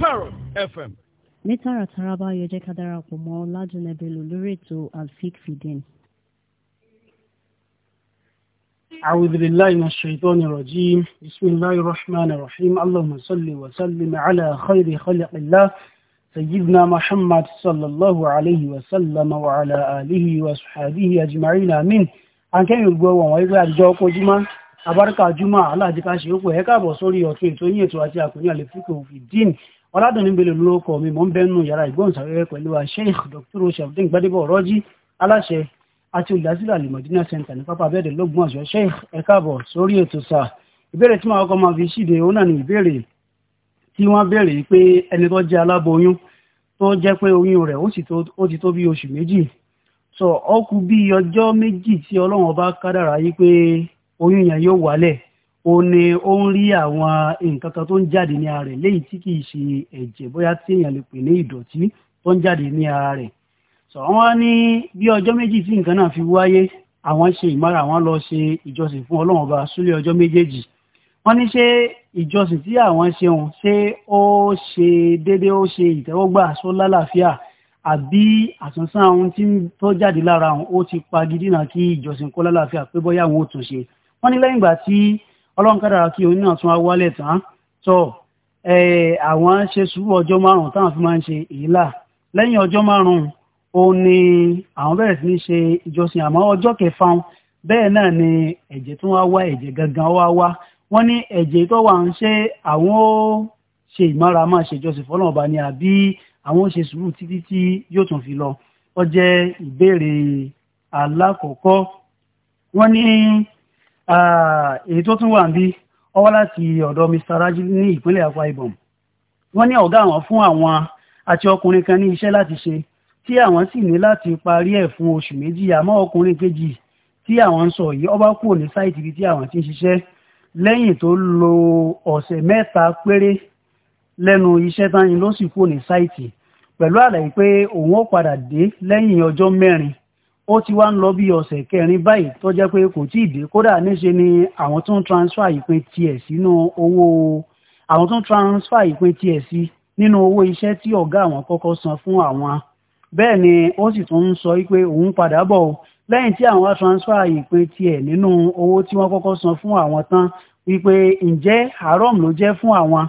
Parrot FM. ní tààràtàrà báyọ̀ ẹ jẹ́ ká darapọ̀ mọ́ Ọlájúnà Bello lórí ètò alfik fìdín. أعوذ بالله من الشيطان الرجيم بسم الله الرحمن الرحيم اللهم صل وسلم على خير خلق الله سيدنا محمد صلى الله عليه وسلم وعلى آله وصحبه أجمعين آمين akẹ́yìn ògbó wọn wọ́n ẹgbẹ́ àjọ ọkọ̀ jimá abárúkà jumá aláàjíká ṣe é pọ̀ ẹ̀ka àbọ̀ sórí ọ̀tún ètò yín ètò àti àkùnrin àlèfíkò fìdín ọ̀làdùnní bẹ̀rẹ̀ mi mò ń bẹ́nu yàrá ìgbóhùnsáfẹ́fẹ́ wa Sheikh Dr. shabdin gbadebo ọ̀rọ́jì aláṣẹ àti olùdásílẹ̀ alimọ̀dínà center ní pápá abẹ́ẹ̀dẹ̀ lọ́gbọ̀n ọ̀ṣọ́ Sheikh ẹ káàbọ̀ sórí ètò sáà ìbéèrè tí màá kọ́ máa fi ṣíde òun náà ní ìbéèrè tí wọ́n béèrè pé ẹni tó jẹ́ aláboyún tó jẹ́ pé oyún rẹ̀ ó ti tó bí oṣù méjì so ó kù bí ọjọ́ méjì tí ọlọ́run ọba kádàrá yí pé oyún yẹn yóò wálẹ̀ ó ní ó ń rí àwọn nǹkan kan tó ń jáde ní ara rẹ̀ léyìí tí kìí ṣe ẹ̀jẹ̀ bóyá tí èèyàn lè pè ní ìdọ̀tí tó ń jáde ní ara rẹ̀ sọ wọn ní bí ọjọ́ méjì tí nǹkan náà fi wáyé àwọn ṣe ìmára àwọn lọ ṣe ìjọsìn fún Ọlọ́run ọba súlẹ̀ ọjọ́ méjèèjì wọ́n ní ṣé ìjọsìn tí àwọn ṣe òun ṣé ó ṣe déédé ó ṣe ìtẹ́wọ́gbà só lálàáfíà àbí àtúnṣán ohun tí wọ́n ọlọ́run kádàrá kí oní náà tún wá wálẹ̀ tán tó àwọn ṣe sùúrù ọjọ́ márùn-ún táwọn fi máa ń ṣe ìlà lẹ́yìn ọjọ́ márùn-ún ó ní àwọn bẹ̀rẹ̀ sí ní ṣe ìjọsìn àmọ́ ọjọ́ kẹfà bẹ́ẹ̀ náà ni ẹ̀jẹ̀ tó wá wá ẹ̀jẹ̀ gangan wá wá wọ́n ní ẹ̀jẹ̀ tó wà ń ṣe àwọn ó ṣe ìmára máa ṣèjọsìn fọ́nà ọba ni àbí àwọn ó ṣe sùúrù títí tí yóò tún fi lọ ó ìbéèrè alákọ̀ọ́kọ́ wọ́n ní èyí tó tún wà ń bí ọwọ́ láti ọ̀dọ̀ Mr. Raji ní ìpínlẹ̀ Akwa Ibom wọ́n ní ọ̀gá àwọn fún àwọn àti ọkùnrin kan ní iṣẹ́ láti ṣe tí àwọn sì ní láti parí ẹ̀ fún oṣù méjì àmọ́ ọkùnrin kejì tí àwọn ń sọ yìí ọba kúrò ní sáìtì ibi tí àwọn ti ń ṣiṣẹ́ lẹ́yìn tó lo ọ̀sẹ̀ mẹ́ta péré lẹ́nu iṣẹ́ tán ni ló sì kúrò ní sáìtì pẹ̀lú àlàyé pé òun ó padà dé lẹ́yìn ọjọ́ mẹ́rin ó ti wá ń lọ bí ọ̀sẹ̀ kẹrin báyìí tó jẹ́ pé kò tí ì dé kódà níṣe ni àwọn tó ń transfer ìpín tiẹ̀ sínú owó àwọn tó ń transfer ìpín tiẹ̀ sí nínú owó iṣẹ́ tí ọ̀gá àwọn kọ́kọ́ san fún àwọn bẹ́ẹ̀ ni ó sì tún ń sọ pé òun padà bọ̀ o lẹ́yìn tí àwọn transfer ìpín tiẹ̀ nínú owó tí wọ́n kọ́kọ́ san fún àwọn tán wípé ǹjẹ́ haram ló jẹ́ fún àwọn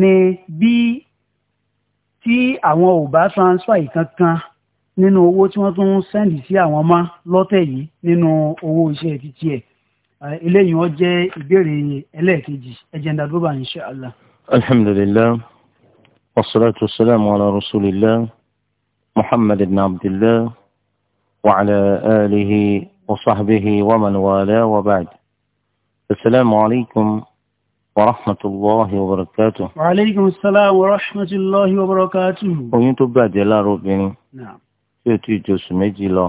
ni bí tí àwọn ò bá transfer ìkankan nínú owó tí wọ́n tún sẹ́ndì sí àwọn ọmọ lọ́tẹ̀ yìí nínú owó iṣẹ́ ti tiẹ̀ eh, eléyìí wọ́n jẹ́ ìbéèrè ẹlẹ́ẹ̀kejì ẹ̀jẹ̀ndà dúró insha Allah. alhamdulillah wasalaatu wasalaamu ala rasulillah muhammad ibn abdillah wa ala alihi wa sahbihi wa man wa ba'd asalaamu alaykum wa rahmatulahi wa barakatuh. wa aleykum salaam wa rahmatulahi wa barakatuh. oyún tó bàjẹ́ láàárọ̀ obìnrin. naam tí o ti ju oṣù méjì lọ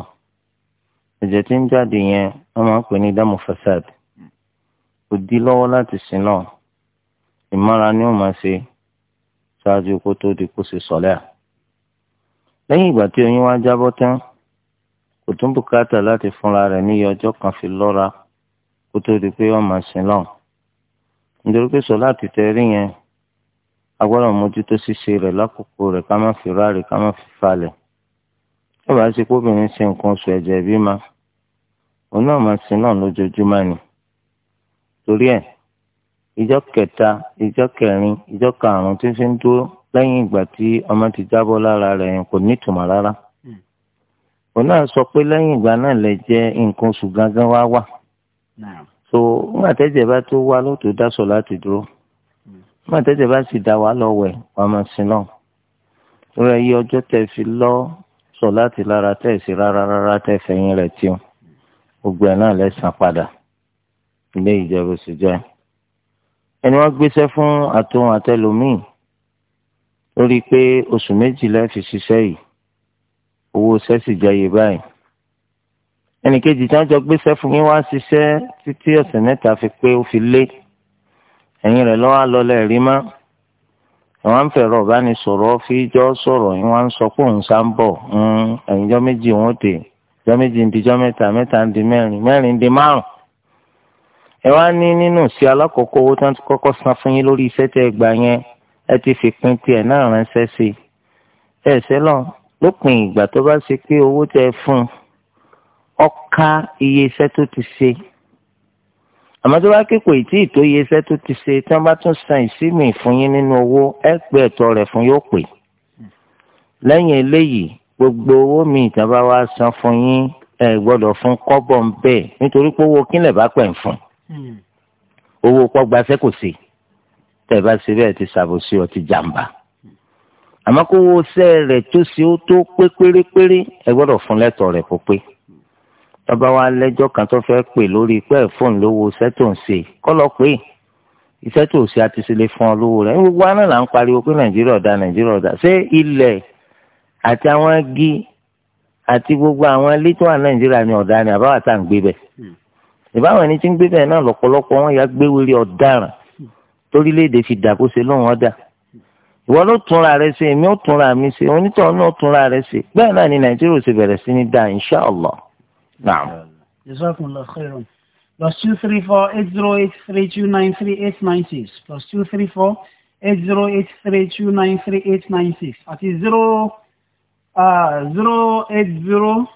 ẹ̀jẹ̀ tí ń jáde yẹn wọ́n máa ń pè ní dámù fasad kò dí lọ́wọ́ láti sin náà ìmọ̀ra ni ó máa ṣe ṣáájú kó tó di kó ṣe sọ̀lẹ́ à lẹ́yìn ìgbà tí oyún wá jábọ́ tán kò tún bùkátà láti fúnra rẹ̀ níyì ọjọ́ kan fi lọ́ra kó tó di pé wọ́n máa sin náà nítorí pé sọ̀lá ti tẹ rí yẹn a mójútó ṣíṣe rẹ̀ lákòókò rẹ̀ ká má fi ráre ká má fi ó bá ṣe pé obìnrin ṣe nǹkan oṣù ẹ̀jẹ̀ bí ma òun náà máa sin náà lójoojúmọ́ ni torí ẹ̀ ìjọ kẹta ìjọ kẹrin ìjọ karùn-ún tí fi ń dúró lẹ́yìn ìgbà tí ọmọ ti jábọ́ lára rẹ̀ yẹn kò nítumọ̀ rárá hmm. òun náà sọ pé lẹ́yìn ìgbà náà lè jẹ́ nǹkan oṣù gangan wá wà so nígbà tẹ́jẹ̀ bá tó wá ló tó dáṣọ láti dúró hmm. nígbà tẹ́jẹ̀ bá sì dá wa lọ́wọ́ ẹ̀ wàá máa sin náà rẹ̀ yí ọjọ́ tẹ̀ fi lọ́ọ́ sọ láti lára tẹ̀ sí rárá rárá tẹ̀ fẹ̀yìn rẹ̀ tí wọn gbogbo ẹ̀ náà lẹ́sàn padà ilé ìjọba oṣù jẹ́ ẹni wọ́n gbéṣẹ́ fún àtòhun àtẹlómìn ó rí i pé oṣù méjì lẹ́ẹ̀ fi ṣiṣẹ́ yìí owó sẹ́sì jẹyẹ báyìí ẹnì kejì tí wọ́n jọ gbéṣẹ́ fún yín wá ṣiṣẹ́ títí ọ̀sẹ̀ mẹ́ta fi pé ó fi lé ẹ̀yìn rẹ̀ lọ́wọ́ lọ́lẹ̀ rí máa àwọn ń fẹ̀rọ ìbánisọ̀rọ̀ fíjọ́ sọ̀rọ̀ yín wọ́n ń sọ pé òun sá ń bọ̀ ẹ̀yìnjọ́ méjì wọn dé ìjọ́ méjì ń dijọ́ mẹ́ta mẹ́ta ń di mẹ́rin mẹ́rin ń di márùn. ẹ wá ní nínú sí alákọ̀ọ́kọ́ owó tí wọ́n ti kọ́kọ́ san fún yín lórí iṣẹ́ tẹ́ gbà yẹn ẹ ti fi pín náà ránṣẹ́ sí i. ẹ ṣe lọ lópin ìgbà tó bá ṣe pé owó tẹ́ fún ọ ká iye iṣẹ́ tó ti ṣe àmọ́ tó bá kíkò ìtí ìtóye iṣẹ́ tó ti ṣe tí wọ́n bá tún san ìsímì fún yín nínú owó ẹ pé ẹ̀tọ́ rẹ̀ fún yóò pè lẹ́yìn eléyìí gbogbo owó mi ìjọba wa san fún yín ẹ gbọ́dọ̀ fún kọ́bọ̀ ń bẹ̀ nítorí pé owó kílẹ̀ bá pẹ̀ ń fún owó pọ́gba sẹ́kò sí tẹ̀ bá ṣe bẹ́ẹ̀ ti ṣàbòsí ọ jàǹbá àmọ́ kó owó sẹ́ẹ̀ rẹ̀ tó ṣe ó tó pé pérépéré ẹ gbọ́dọ̀ fún lẹ́tọ̀ rẹ̀ tọ́ba wa lẹ́jọ́ kan tó fẹ́ pè lórí pẹ́ fóònù lówó iṣẹ́ tó ń ṣe kọ́ lọ pé iṣẹ́ tó ṣe àti ṣe lè fún ọ lówó rẹ̀ gbogbo àná là ń pariwo pé nàìjíríà ọ̀dà nàìjíríà ọ̀dà ṣé ilẹ̀ àti àwọn igi àti gbogbo àwọn ilé tó wà nàìjíríà ni ọ̀dà ni àbáwá tá à ń gbé bẹ̀ hmm. ìbáwọn ẹni tí ń gbé bẹ̀ náà lọ́pọ̀lọpọ̀ wọn yà gbéwèrè ọ̀daràn hmm. torílẹ̀èdè fi dà bó ṣe lóhùn ọ̀dà ìwọ ló túnra rẹ ṣe èmi ó túnra mi ṣe onítọ̀ náà túnra rẹ ṣe bẹ́ẹ̀ náà ni nàìjíríà ò ṣe bẹ̀rẹ̀ sí ní dáa inṣáàlá Naam. Ehm, Jazakumullah khairan. Plus two three four eight zero eight three two nine three eight nine six plus two three four eight zero eight three two nine three eight nine six àti zero uh, zero eight zero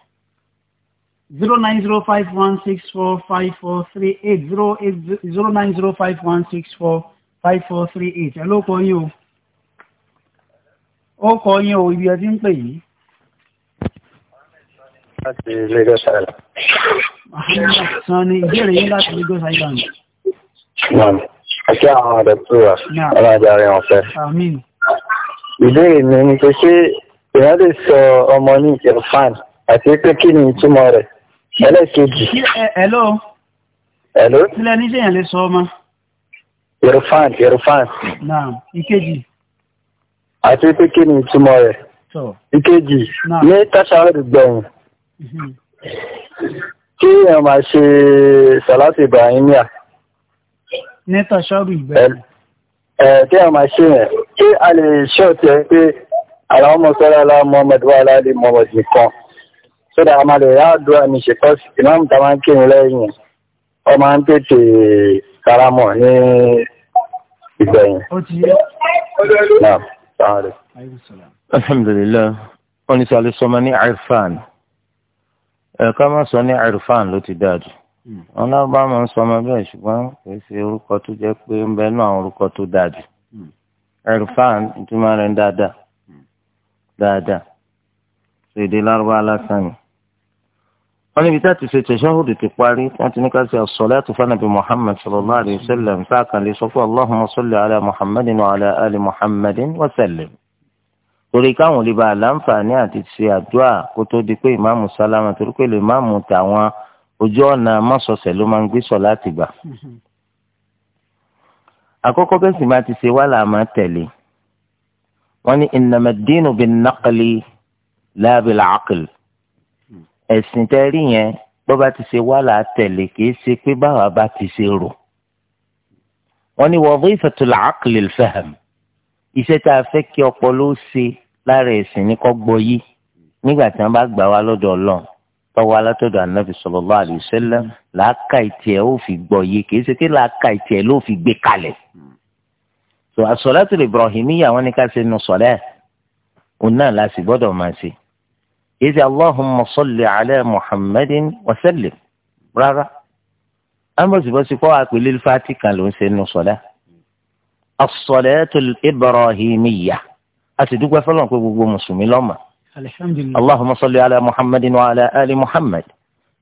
zero nine zero five one six four five four three eight zero eight zero nine zero five one six four five four three eight ẹ ló kọ o ó kọ yín o ibi ẹ ti ń pè yìí láti Lagos Island. Sọ ni ìbéèrè yín láti Lagos Island. Nàmì, àti àwọn àdàtúrà alájà rẹ̀ wọ́n fẹ́. Ìbéèrè mi ni pé ṣé èèyàn lè sọ ọmọ ní Irfan àti pé kí ni ìtumọ̀ rẹ̀? Ẹlẹ́kejì. Hello. Hello. Sílẹ̀ ní ṣèyàn lè sọ ọmọ. Irfan, Irfan. Nàmì, ìkejì. Àti pé kí ni ìtumọ̀ rẹ̀? Ìkejì. Ní tàṣà rẹ̀ gbẹ̀yìn. Mm-hmm. kí èèyàn máa ṣe sàlátì ibrahimia. ní tàṣàrù ìgbàlè. ẹ kí èèyàn máa ṣe yẹn kí a lè ṣe ọtí ẹ pé àwọn ọmọ sọlá ala muhammed wa ala ali muhammed nìkan sódà a máa lè yá àdúrà ní ṣe kọ́sì ìmáàmù tá a máa ń kírun lẹ́yìn ọ máa ń tètè karamọ̀ ní ìgbẹ̀yìn. ó ti yẹ. naam sàárẹ̀. alhamdulilayi wọn ní sọ alẹ́ sọmọ ní irfan ẹ̀ka máa sọ ní arifan ló ti dáa jù hmm. wọn náà bá máa ń sọ ọmọ bẹ́ẹ̀ ṣùgbọ́n kò sí orúkọ tó jẹ́ pé ń bẹ náà orúkọ tó dáa jù arifan hmm. ìtumọ̀ rẹ̀ ń dáadáa hmm. dáadáa ṣèdè lárúbá lásán ni. wọ́n níbi tá a ti ṣe tẹ̀síọ́hùdù ti parí wọ́n ti ní ká ṣe as-salatu fa nabi muhammed sallallahu alayhi wa sallam sáà kan lè sọ fún allahumma salli ala muhammadin wa ala ali muhammadin wa sallim torí káwọn lè ba àlàǹfààní àti ṣe àdúrà kó tó di pé ìmáàmù sálámà torí pé lè máàmù tàwọn ojú ọ̀nà mọ́sọ̀ọ̀sẹ̀ ló máa ń gbé sọ láti gbà. àkọ́kọ́ bẹ́ẹ̀ sì máa ti ṣe wàhálà máa tẹ̀lé wọ́n ní ìnàmẹ́dínú bíi nàkàlì láàbì làákìlì ẹ̀sìn tẹ́ rí yẹn bó bá ti ṣe wàhálà tẹ̀lé kìí ṣe pé báwa bá ti ṣe rò wọ́n ní wọ́n fẹ́ ìfẹ̀tù làákìlì fẹ́hẹ̀mù iṣẹ́ tá a fẹ́ kí ọpọlọ ṣe lára ẹ̀sìn ní kọ́gbọ́ yìí nígbà tí wọ́n bá gbà wá lọ́dọ̀ ọlọ́run tọ́wọ́ alátọ́dọ̀ ànábì sallallahu alaihi wasallam làákà ìtìẹ̀ ó fi gbọ́ yìí kì í ṣe pé làákà ìtìẹ̀ ló fi gbé kalẹ̀. tó àsọ̀látù Ibrahimiyya wọn ni ká ṣe nu sọ̀lẹ́ òun náà la sì gbọ́dọ̀ máa ṣe. kì í ṣe Allahumma Muhammadin wa rárá. ambrose bọ́sí kọ́ àpèlé fati kan ló ń ṣe nu sọ̀lẹ́ الصلاة الإبراهيمية أتدوك فلان كوكو مسلمي لما الحمد لله اللهم صل على محمد وعلى آل محمد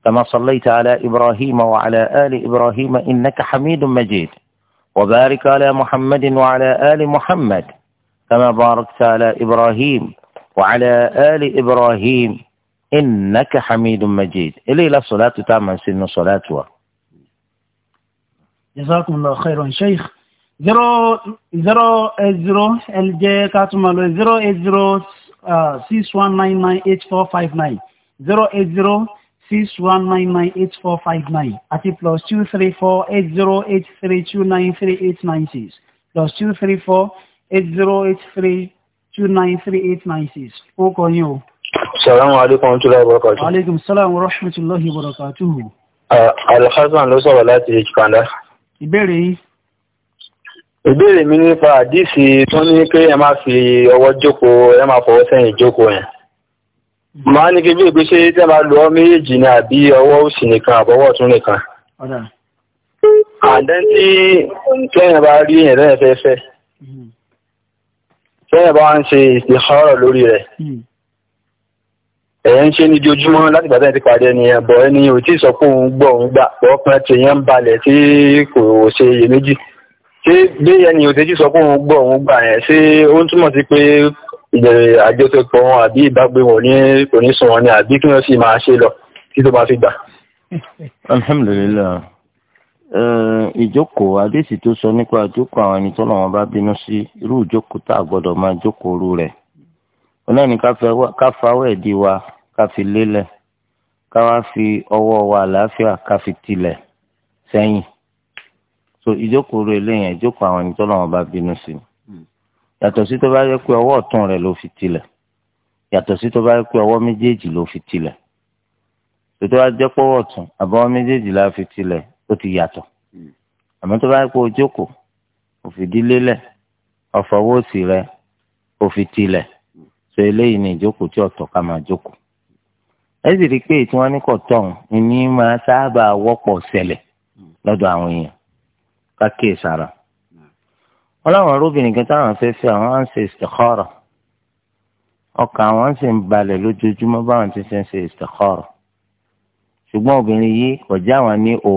كما صليت على إبراهيم وعلى آل إبراهيم إنك حميد مجيد وبارك على محمد وعلى آل محمد كما باركت على إبراهيم وعلى آل إبراهيم إنك حميد مجيد إلي إلى صلاة تامة سن صلاتها جزاكم الله خيرا شيخ zero zero eight zero ẹ jẹ́ ká tún máa zero eight zero uh, six one nine nine eight four five nine zero eight zero six one nine nine eight four five nine àti plus two three four eight zero eight three two nine three eight nine six plus two three four eight zero eight three two nine three eight nine six ó kọ yín o. salamu aleykum wa rahmatulahi wa barakatuhu. aleykum salaam wa rahmatulahi wa barakatuhu. Uh, alhassan ló sọ̀rọ̀ láti ìkàndá. ìbéèrè yìí ìbéèrè mi nípa àdìsí tó ní pé ẹ máa fi ọwọ́ jókòó ẹ máa fọwọ́ sẹ́yìn jókòó yẹn máa ní kí bí ìgbésẹ̀ tẹ́ máa lo ọwọ́ méjèèjì ni àbí ọwọ́ òsì nìkan àbọ̀wọ́ ọ̀tún nìkan àdán tí tẹ́yìn bá rí èèyàn lẹ́yìn fẹ́fẹ́ tẹ́yìn bá ń ṣe ìsìnkọ́rọ̀ lórí rẹ̀ ẹ̀yẹ́ ń ṣe ní ojoojúmọ́ láti gbàtẹ́ ti pàdé ẹni ẹ̀bọ̀ ẹni ò tí ì sọ pé òun gbọ́ òun gbà ọkùnrin tèèyàn balẹ̀ tí kò ṣe iyèméjì ṣé bí ẹni ò tẹ́jú sọ pé òun gbọ́ òun gbà yẹn ṣé ó ń túmọ̀ sí pé ìbẹ̀rẹ̀ àjọṣepọ̀ wọn àbí ìbágbé wọn ní kò ní sùn wọn ni àbí kí wọ́n sì máa ṣe lọ tí tó bá fi gbà. alhamdulilayi ìjókòó adéṣì tó sọ nípa ìjókòó àwọn ẹni tọ́lọ̀ wọn bá bínú sí irú ìjókòó tá a gbọ́dọ̀ máa jókòó rú rẹ̀ ọ̀nà ni ká fawọ́ ẹ̀dí wa ká fi lélẹ̀ ká wá fi ọwọ́ wa àlàáfíà ká fi tilẹ̀ sẹ́yìn so ìjókòó rẹ lẹ́yìn ìjókòó àwọn ẹni tọ́lọ́wọ́n bá bínú sí i hmm. yàtọ̀ sí tó bá yẹ pé ọwọ́ ọ̀tún rẹ ló fi tilẹ̀ yàtọ̀ sí tó bá yẹ pé ọwọ́ méjèèjì ló fi tilẹ̀ tó tó bá jẹ́ pọ́wọ́ ọ̀tún àbọ̀wọ́ méjèèjì la fi tilẹ̀ ó ti yàtọ̀ hmm. àmọ́ tó bá yẹ pé o jókòó òfìdí lélẹ̀ rẹ òfì tilẹ̀ hmm. so eléyìí ni ìjókòó tí ọ̀tọ̀ ká máa jókòó ẹ sì rí i pé tí ní kọ̀tọ̀ ní máa sábà wọ́pọ̀ ṣẹlẹ̀ lọ́dọ̀ àwọn èèyàn ká kíyè sára. wọ́n láwọn arúbìnrin kan táwọn fẹ́ fẹ́ àwọn á ń ṣe istikhara ọkàn àwọn ń ṣe ń balẹ̀ lójoojúmọ́ báwọn ti ṣe ń ṣe istikhara ṣùgbọ́n obìnrin yìí kò já àwọn ní o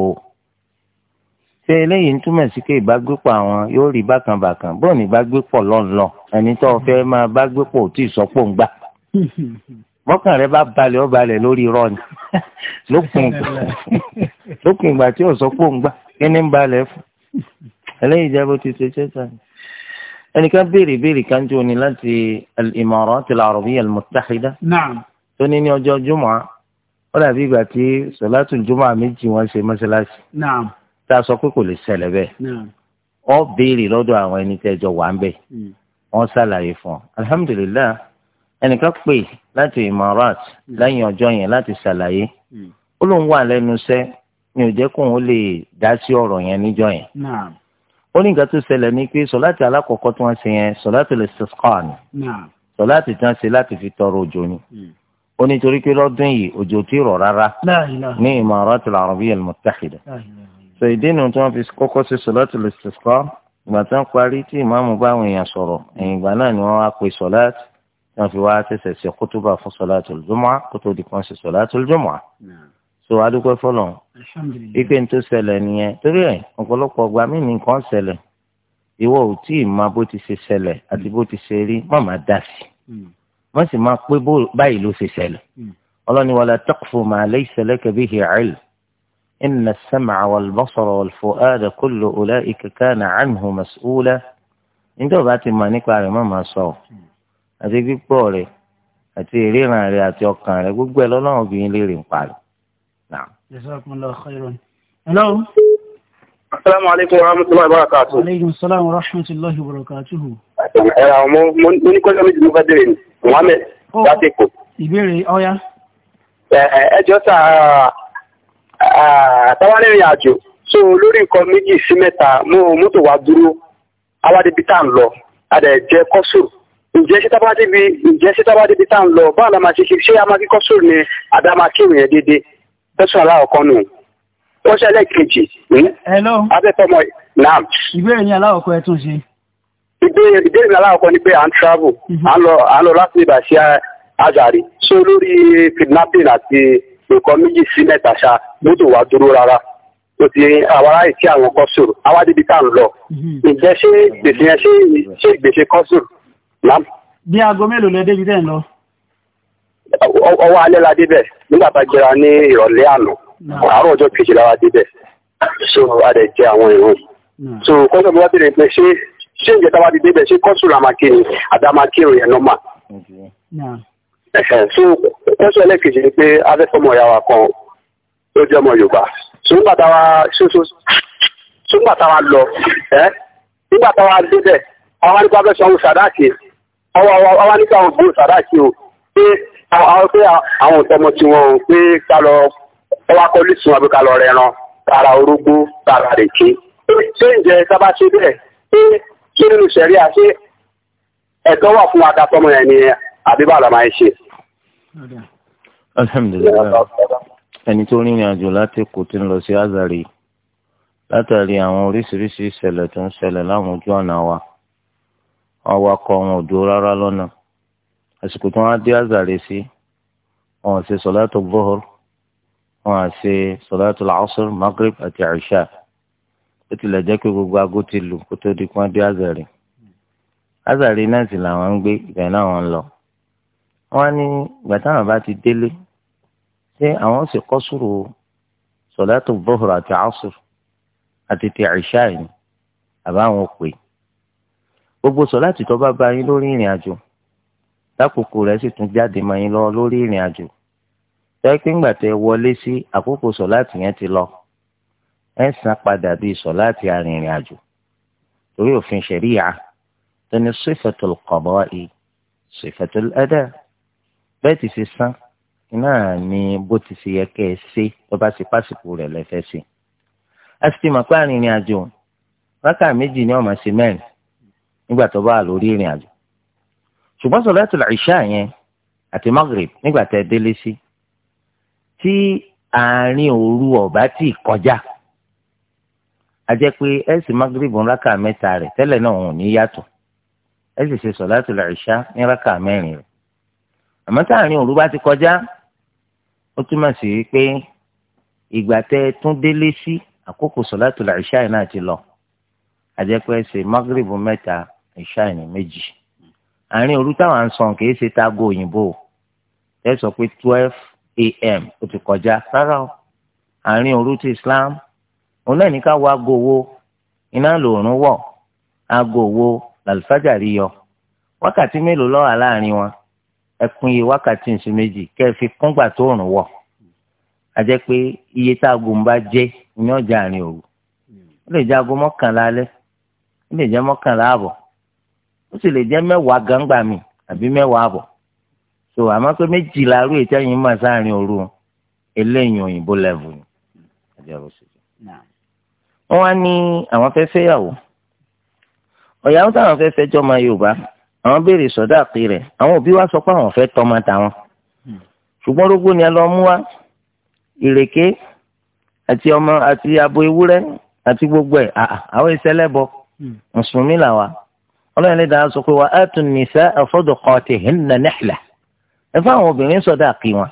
ṣé eléyìí ń túmọ̀ sí pé ìbágbépọ̀ àwọn yóò rí bákan bákan bóun ní ìbágbépọ̀ lọ́nlọ́ ẹni tó fẹ́ máa bágbépọ̀ ò tíì sọ́pọ̀ ń gbà bọ́kàn rẹ bá balẹ̀ ó balẹ̀ lórí irọ́ ni lókun ìgbà tí ò sọ́pọ̀ ń gbà kí ni ń balẹ̀ fún eléyìí jẹ́ bó ti ṣe ṣe sàn. ẹnìkan béèrè béèrè kan tó ní láti al-Imarat al-Arabiyya al-Muttahida. tó ní ní ọjọ́ jùmọ̀ ó dàbí ìgbà tí sọ̀látù jùmọ̀ méjì wọ́n ṣe mọ́ṣáláṣí. tá a sọ pé kò lè ṣẹlẹ̀ bẹ́ẹ̀. ó béèrè lọ́dọ̀ àwọn ẹni tẹ́ jọ wà ń bẹ̀. Hmm. wọ́n ṣàlàyé fún ọ. alhamdulilayi ẹnìkan pè láti Imarat hmm. lẹ́yìn ọjọ́ yẹn láti ṣàlàyé. Hmm. ó lóun wà lẹ́nu iṣẹ́ ni ò jẹ́ kóun ó lè dá sí ọ̀rọ̀ yẹn níjọ́ yẹn ó ní nǹkan tó ṣẹlẹ̀ ní pé sọ̀láàtì alákọ̀ọ́kọ́ tí wọ́n ṣe yẹn sọ̀láàtì lè ṣe sọ́ọ̀ ni sọ̀láàtì tí wọ́n ṣe láti fi tọrọ òjò ni hmm. ó ní torí pé lọ́dún yìí òjò tí rọ̀ rárá ní Imarat al-Arabiyya al-Muttahida sọ ìdí nu tí wọ́n fi kọ́kọ́ ṣe sọ̀láàtì lè ṣe sọ́ọ̀ ìgbà tí wọ́n parí tí ìmáàmù bá àwọn èèyàn sọ̀rọ̀ ni wọ́n wá pe sọ̀láàtì tí wọ́n fi wá ṣẹ̀ṣẹ̀ ṣe kútúbà fún sọ̀láàtì al so adúpẹ́ fọlọ́ ipe ń tó ṣẹlẹ̀ nìyẹn torí ẹ̀ ọ̀pọ̀lọpọ̀ ọgbà mí nìkan ṣẹlẹ̀ ìwọ ò tí ì máa bó ti ṣe ṣẹlẹ̀ àti bó ti ṣe rí má má dá sí wọ́n hmm. sì máa pé báyìí ló ṣe ṣẹlẹ̀ hmm. ọlọ́ni wala taqfu ma laysa laka bihi ilm inna as-sam'a wal-basara wal-fu'ada kullu ula'ika kana 'anhu mas'ula níjọ́ bá ti mọ̀ nípa rẹ̀ má má sọ hmm. àti gbígbọ́ rẹ̀ àti ìríran rẹ̀ àti ọkàn rẹ̀ gbogbo ẹ̀ lọ́lọ́run obìnrin lè rìn parí jazakumullahu khairan. hello. Assalamu alaikum wa rahmatullahi wa barakatuhu. Aleykum salaam wa rahmatullahi wa barakatuhu. Ẹ̀rọ àwọn mo ní kọ́jọ́ méjì ló fẹ́ bèrè ní Mohammed oh, láti Èkó. Ìbéèrè ọ̀ya. Oh, ẹ jọ sà táwọn arìnrìn àjò tó lórí nǹkan méjì sí mẹ́ta mú mọ́tò wá dúró awádìbí tá à ń lọ adẹ̀ jẹ́ kọ́sù. Ǹjẹ́ ṣé tábàdìbí ǹjẹ́ ṣé tábàdìbí tá à ń lọ báwo la máa ṣe ṣe ṣé a máa kí kọ́sù ni àdá máa kírun yẹn déédéé tẹsán aláwọkọ nù wọn ṣẹlẹ kejì. Hmm? abẹ́fọ́mọ naam. ìbéèrè ní aláwọkọ ẹ tún ṣe. ìbéèrè ìbéèrè ní aláwọkọ ni pé à ń travel mhm. à ń lọ à ń lọ láti ibà sí azari so lórí kidnapping àti nǹkan méjì sí mẹ́ta ṣá mọ́tò wa dúró rárá o ti àwọn aráyè tí àwọn kọ́ sòrò àwa débi tá à ń lọ mhm. ǹjẹ́ ṣé gbèsè yẹn ṣé gbèsè kọ́ sòrò. bí aago mélòó lẹ débi tẹ́ ń lọ ọwọ́ alẹ́ la débẹ̀ nígbà tá a jẹra ní ìrọ̀lẹ́ àná hmm. àárọ̀ ọjọ́ kejì la wa débẹ̀ so a dẹ̀ jẹ àwọn ìrún hmm. so kọ́sọ̀ bí wọ́n ti rè pé ṣé ṣé ìjẹta wa ti débẹ̀ ṣé kọ́sù la máa kiri àdá máa kiri yẹn nọ́mà. so kọ́sọ̀ ẹlẹ́kejì ni pé afẹ́fọ́mọ ìyá wa kan ó jẹ́ ọmọ Yorùbá so nígbà tá a wa lọ nígbà tá a wa débẹ̀ àwọn nípa fẹ́ sanwó sàdáàkì àwọn nípa àwọn gbó sàdáàkì o pé àwọn pé àwọn ìtọ́mọ tí wọn ò pé ká lọ ọwá kọ́lé sùn àbí ká lọ rẹran tara orógbó tara rèké ṣé ǹjẹ́ sábà ṣe bẹ́ẹ̀ pé ṣé nínú ìṣẹ̀rí àṣẹ ẹ̀tọ́ wà fún adáfọ́mọ yẹn ni àbíbá àlọ́ máa ń ṣe. alhamdulilayi ẹni tó rìnrìn àjò láti kò tí ń lọ sí azari látàrí àwọn oríṣiríṣi ìṣẹ̀lẹ̀ tó ń ṣẹlẹ̀ láwọn ojú wa ọwọ́ akọ wọn ò dúró rárá lọ́nà àsìkò tí wọ́n á dé azàre sí wọn àṣe sọ̀láàtò bọ́hùr wọn àṣe sọ̀láàtò làásùr magreb àti àìṣà ó tilẹ̀ jẹ́ pé gbogbo aago ti lù kó tó di pọ́n dé azàre azàre náà sì làwọn ń gbé ibẹ̀ náà wọ́n ń lọ wọ́n ní ìgbà táwọn bá ti délé ṣé àwọn sì kọ́ sùrù sọ̀láàtò bọ́hùr àti àásùr àti ti àìṣà yìí àbáwọn pè gbogbo sọ̀láàtì tó bá ba yín lórí ìrìn àjò lákòókò rẹ̀ sì tún jáde mọ́ yín lọ lórí ìrìn àjò tẹ́ pé ńgbà tẹ́ wọlé sí àkókò sọ̀láàtì yẹn ti lọ ẹ̀ san padà bíi sọ̀láàtì arìnrìn àjò torí òfin ṣẹ̀ríyà tó ní sifatul qada'i sifatul ada' bẹ́ẹ̀ ti ṣe san náà ni bó ti ṣe yẹ kẹ́ ẹ ṣe tó bá ṣe pásìkò rẹ̀ lẹ́fẹ́ ṣe. a sì ti mọ̀ pé arìnrìn àjò rákà méjì ni ọmọ ṣe mẹ́rin nígbà tó bá lórí ìrìn àjò ṣùgbọ́n sọ̀látù ìṣá yẹn àti magrib nígbà tẹ́ délé sí tí àárín òru ọ̀bá tí kọjá a jẹ́ pé ẹ sì magrib ń rákà mẹ́ta rẹ̀ tẹ́lẹ̀ náà òun ní yàtọ̀ ẹ sì ṣe sọ̀látù ìṣá ní rákà mẹ́rin rẹ̀ àmọ́ táàrin òru bá ti kọjá ó túmọ̀ sí pé ìgbà tẹ́ tún délé sí àkókò sọ̀látù ìṣá yìí náà ti lọ a jẹ́ pé ẹ sì mẹ́ta ìṣá yìí méjì. àárín òru táwọn à ń sọ kì í ṣe tago òyìnbó ẹ sọ pé twelve a.m. ó ti kọjá rárá o àárín òru ti Islam òun náà ní ká wo aago wo iná lòórùn wọ̀ aago wo làlùfájàrí yọ wákàtí mélòó ló wà láàrin wọn ẹ kún wákàtí nsú méjì kẹ́ ẹ fi kúngbà tó rùn wọ̀ a jẹ́ pé iye tá ń bá jẹ́ ní ọjà àárín òru ó lè jẹ́ aago mọ́kànlá alẹ́ ó lè jẹ́ mọ́kànlá àbọ̀ ó sì lè jẹ́ mẹ́wàá gangba mi àbí mẹ́wàá àbọ̀ so àmọ́ pé méjìlá rú ètò ẹ̀yìn mà sáàrin òru eléyìí òyìnbó lẹ́vù ni wọ́n wá ní àwọn fẹ́ fẹ́yàwó ọ̀yàwó táwọn fẹ́ fẹ́ jọmọ Yorùbá àwọn béèrè sọ̀dá àpè rẹ̀ àwọn òbí wa sọ pé àwọn fẹ́ tọ́mọ tàwọn hmm. ṣùgbọ́n rógbó ni ẹ lọ mú wa ìrèké àti ọmọ àti abo ewúrẹ́ àti gbogbo ẹ̀ àwọn ìṣẹ̀lẹ̀ bọ hmm. mùsùlùmí làwà ọlọ́run lè dáná sọ pé wa atun nisaa sadaqatihinna nihla ẹ fáwọn obìnrin sọdáàkì wọn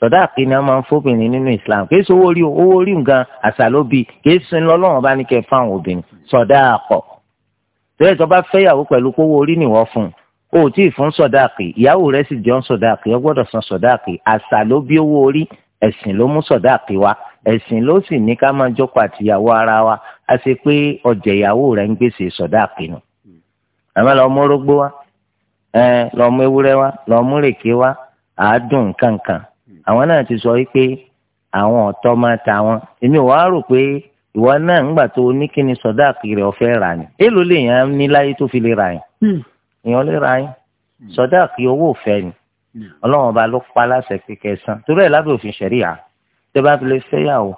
sọdáàkì ni wọn máa ń fóbìnrin nínú islam kì í sọ owó orí owó orí nǹkan àṣà ló bí kì í sin lọ́lọ́run bá ní kẹ́ fáwọn obìnrin sọdáàkọ̀ tẹ́lẹ̀ tó bá fẹ́yàwó pẹ̀lú kówó orí nìwọ́ fún o ò tíì fún sọdáàkì ìyàwó rẹ̀ sì jọ ń sọdáàkì ọ gbọ́dọ̀ san sọdáàkì àṣà ló owó orí ẹ̀sìn ló mú sọdáàkì wá ẹ̀sìn ló sì ní ká máa jókòó àtìyàwó ara wa àṣepé ọjà ìyàwó rẹ̀ ń gbèsè sọdáàkì nù àmọ́ lọ mú orógbó wá ẹ lọ mú ewúrẹ́ wá lọ mú rèké wá àádùn kankan àwọn náà ti sọ wípé àwọn ọ̀tọ́ máa ta wọn èmi ò wá rò pé ìwọ náà ńgbà tó ní kí ni sọdá àkìrẹ ọ̀fẹ́ rà ní èló lèèyàn ní láyé tó fi lè rà yín hmm. èèyàn lè rà yín hmm. sọdá àkìrẹ owó òfẹ́ ni hmm. ọlọ́run ọba ló pa láṣẹ pé kẹsàn torí ẹ̀ lábẹ́ òfin ṣẹ̀ríyà tẹ́ bá fi lè fẹ́yàwó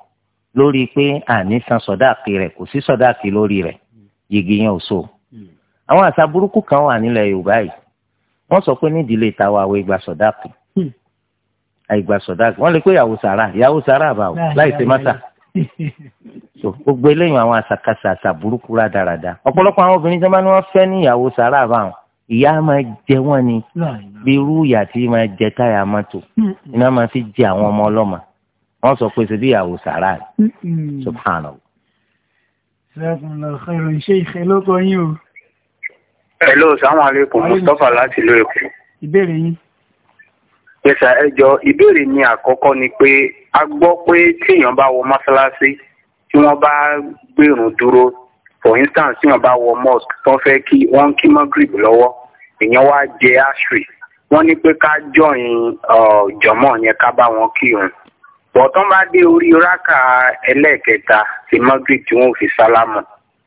lórí pé àní san sọdá àkìrẹ kò sí sọdá àkìrẹ lórí rẹ̀ yìgì yẹn ò so àwọn àṣà burúkú kan wà nílẹ̀ yorùbá yìí wọ́n sọ pé nídìílé tàwa àwọn ìgbà sọ̀dáàkù àìgbà hmm. sọ̀dáàkù wọ́n lè pé ìyàwó sàrà ìyàwó sàrà àbà láì ṣe mọ́tà so gbogbo eléyìn àwọn àṣàkáṣà àṣà burúkú rádaràda ọ̀pọ̀lọpọ̀ àwọn obìnrin tó bá ní wọ́n fẹ́ ní ìyàwó sàrà àbà wọn ìyá máa jẹ wọ́n ni bí irú ìyà tí máa jẹ táyà mọ́tò hmm, hmm. iná máa fi jẹ àwọn ọmọ ọlọ́mọ wọ́n sọ pé ṣe bí ìyàwó sàrà ni subhanallah. ṣé àfihàn ọ̀rọ̀ ìṣe ìṣe lóko yín o. Hello, salaam alaikum, Mustapha láti ìlú Èkó. Ìbéèrè yín. Yẹ́sà ẹjọ́ ìbéèrè mi àkọ́kọ́ ni pé a gbọ́ pé tíyàn bá wọ mọ́ṣáláṣí tí wọ́n bá gbèrún dúró for instance tíyàn bá wọ mosque tó fẹ́ kí wọ́n kí magrib lọ́wọ́ èèyàn wá jẹ ashri wọ́n ní pé ká jọyìn uh, jọmọ́ yẹn ká bá wọn kírun bọ̀tán bá dé orí rákà ẹlẹ́ẹ̀kẹta ti magrib tí wọ́n fi sálámù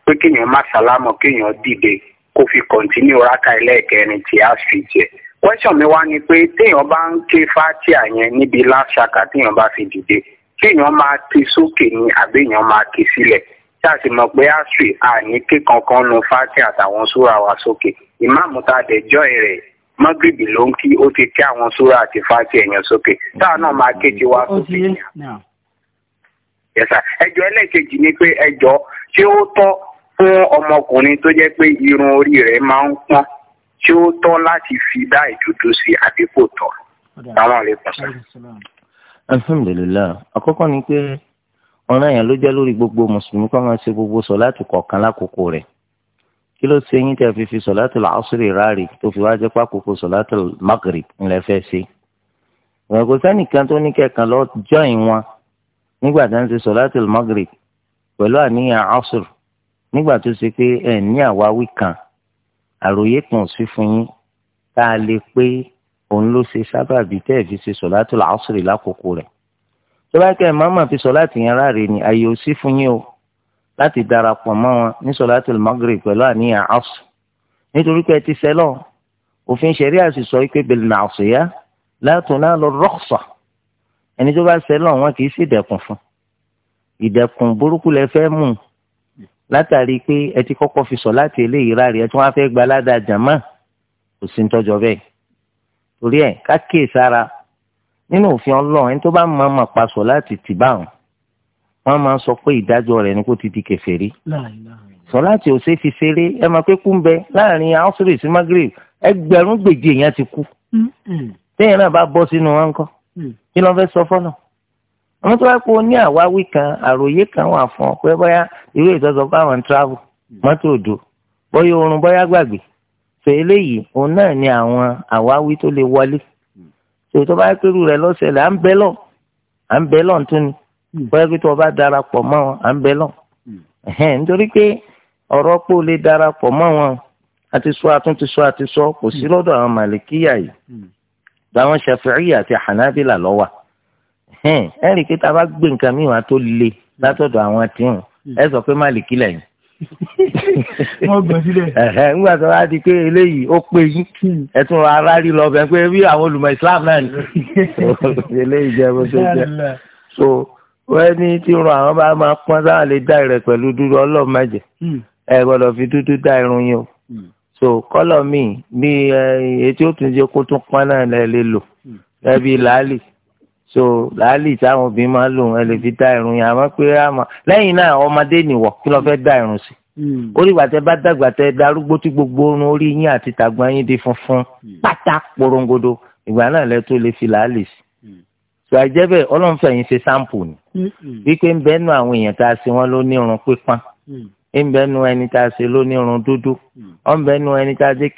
pé kéèyàn má sálámù kéèyàn dìde kó fi kọ̀ntínú rákà ẹlẹ́ẹ̀kẹrin tí a fi tiẹ̀. question mi wá ni pé téèyàn bá ń ké fátíà yẹn níbi láṣàkà téèyàn bá fi dìde téèyàn máa ké sókè ni àbẹ́yàn máa ké sílẹ̀ tí a sì mọ̀ pé àṣì àní ké kankan nu fátíà àtàwọn súra wa sókè ìmáàmù tá a dẹ̀ jọ́ìn rẹ̀ mọ́gìrìbì ló ń kí ó ti ké àwọn súra àti fátíà yẹn sókè táà náà máa ké tiwa sókè yẹn. ẹlẹ́ẹ̀kejì ni pé ẹjọ́ tí ó tọ́ fún ọmọkùnrin tó jẹ́ pé irun orí rẹ̀ máa ń pọ́n tí ó tọ́ láti fi dá ìtútù sí àbí kò tọ́. Àwọn àlè pàṣẹ. Alhamdulilayi, àkọ́kọ́ ni pé ọ̀ràn yẹn ló jẹ́ lórí gbogbo mùsùlùmí kó máa ṣe gbogbo sọ̀láàtì kọ̀ọ̀kan lákòókò rẹ̀. Kí ló ṣe yín tí a fi fi sọ̀láàtì làásùrì ráàrì tó fi wá jẹ́ pàkókò sọ̀láàtì maghrib ńlẹ̀ fẹ́ ṣe? Ìrọ̀kọ̀ sẹ́nìkan tó ní kẹ̀kan lọ jọ́ ìwọn nígbà tí wọ́n ti sọ̀láàtì maghrib pẹ̀lú àníyàn asùrì nígbà tó ṣe pé ẹ ní àwáwí kan àròyé kan sí fún yín tá a lè pé òun ló ṣe sábàbí tẹ́ ẹ̀ fi ṣe sọ̀láàtì làásùrì lákòókò rẹ̀ tó bá kẹ́ ẹ̀ máma fi sọ̀láàtì yẹn ráre ni àyè ò sí fún yín o láti darapọ̀ mọ́ wọn ní sọ̀láàtì magre pẹ̀lú àníyàn asù nítorí pé ẹ ti sẹ́lọ̀ òfin ṣẹ̀rí àṣìṣọ ìpè bẹ̀lẹ̀ nà àṣìyá látùn náà lọ rọ́ọ̀sà ẹni tó bá sẹ́lọ̀ wọn kì í sì dẹ̀kùn fún ìdẹ̀kùn burúkú lẹ fẹ́ mú un látàrí pé ẹ ti kọ́kọ́ fi sọ láti eléyìí ráre ẹ tí wọ́n á fẹ́ gba aládàá jàmá kò sí nítọ́jọ́ bẹ́ẹ̀ torí ẹ̀ ká kíyè sára nínú òfin ọlọ́run ẹni tó bá máa máa pa sọ láti tì bá wọn máa sọ pé ìdájọ́ rẹ̀ ni kó ti di kèfèrí sọ láti òsè fi ṣeré ẹ máa pé kú ń bẹ láàrin ausri sí magreth ẹgbẹ̀rún gbèjì èèyàn ti kú téèyàn náà bá bọ́ sínú wọn ńkọ́ mm. kí ló fẹ́ sọ fọ́nà wọ́n tó wá pé o ní àwáwí kan àròyé kan wà fún ọ pé bóyá irú ìtọ́sọ pé àwọn ń travel mọ́tò òdò bóyá oorun bóyá gbàgbé tó eléyìí òun náà ni àwọn àwáwí tó lè wọlé tó tó bá pérú rẹ lọ́sẹ̀lẹ̀ à ń bẹ́ lọ à ń bẹ́ lọ tó ni bóyá pé tó o bá darapọ̀ mọ́ wọn à ń bẹ́ lọ. nítorí pé ọ̀rọ̀ pé o lè darapọ̀ mọ́ wọn àti sọ àtúntì sọ àti sọ kò sí lọ́dọ̀ àwọn màlìkíyà yìí ẹ rí i pé tá a bá gbé nǹkan míì wá tó le látọ̀dọ̀ àwọn tíhùn hmm. ẹ sọ pé má lè kílẹ̀ yín. wọ́n gbọ́n sílẹ̀. nígbà tó wá di pé eléyìí ó pé yín hmm. ẹ tún ra aráàlú lọ bẹ pé bí àwọn olùmọ̀ Islam náà ni. eléyìí jẹ́ bó ṣe jẹ́ so wọ́n ní tí irun àwọn bá máa pọ́n sáà lè dá ìrẹ̀ pẹ̀lú dúdú ọlọ́mọdé hmm. ẹ gbọ́dọ̀ fi dúdú dá irun yín o so kọ́lọ̀ mi, bí ètí ó tún jẹ́ kó tún pọ́n náà lè lò ẹ bí làálì so làálì táwọn obìnrin máa ń lò ẹ lè fi dá irun yẹn àmọ́ pé àmọ́ lẹ́yìn náà ọmọdé nìwọ kí ló fẹ́ dá irun sí orí hmm. ìgbà bá dàgbà tẹ darúgbó tí gbogbo orun orí yín àti tàgbọn yín di funfun hmm. pátá porongodo ìgbà náà lẹ tó lè fi làálì sí hmm. so àìjẹ́bẹ̀ ọlọ́run fẹ̀yìn ṣe sampo ni wípé ń bẹ́ẹ̀ nu àwọn èèyàn tá a ṣe wọ́n ló ní irun pípọ́n ń bẹ́ẹ̀ nu ẹni tá a ṣe ló ní irun dúdú ọ̀ ń bẹ́ẹ̀ ẹni tá a ṣe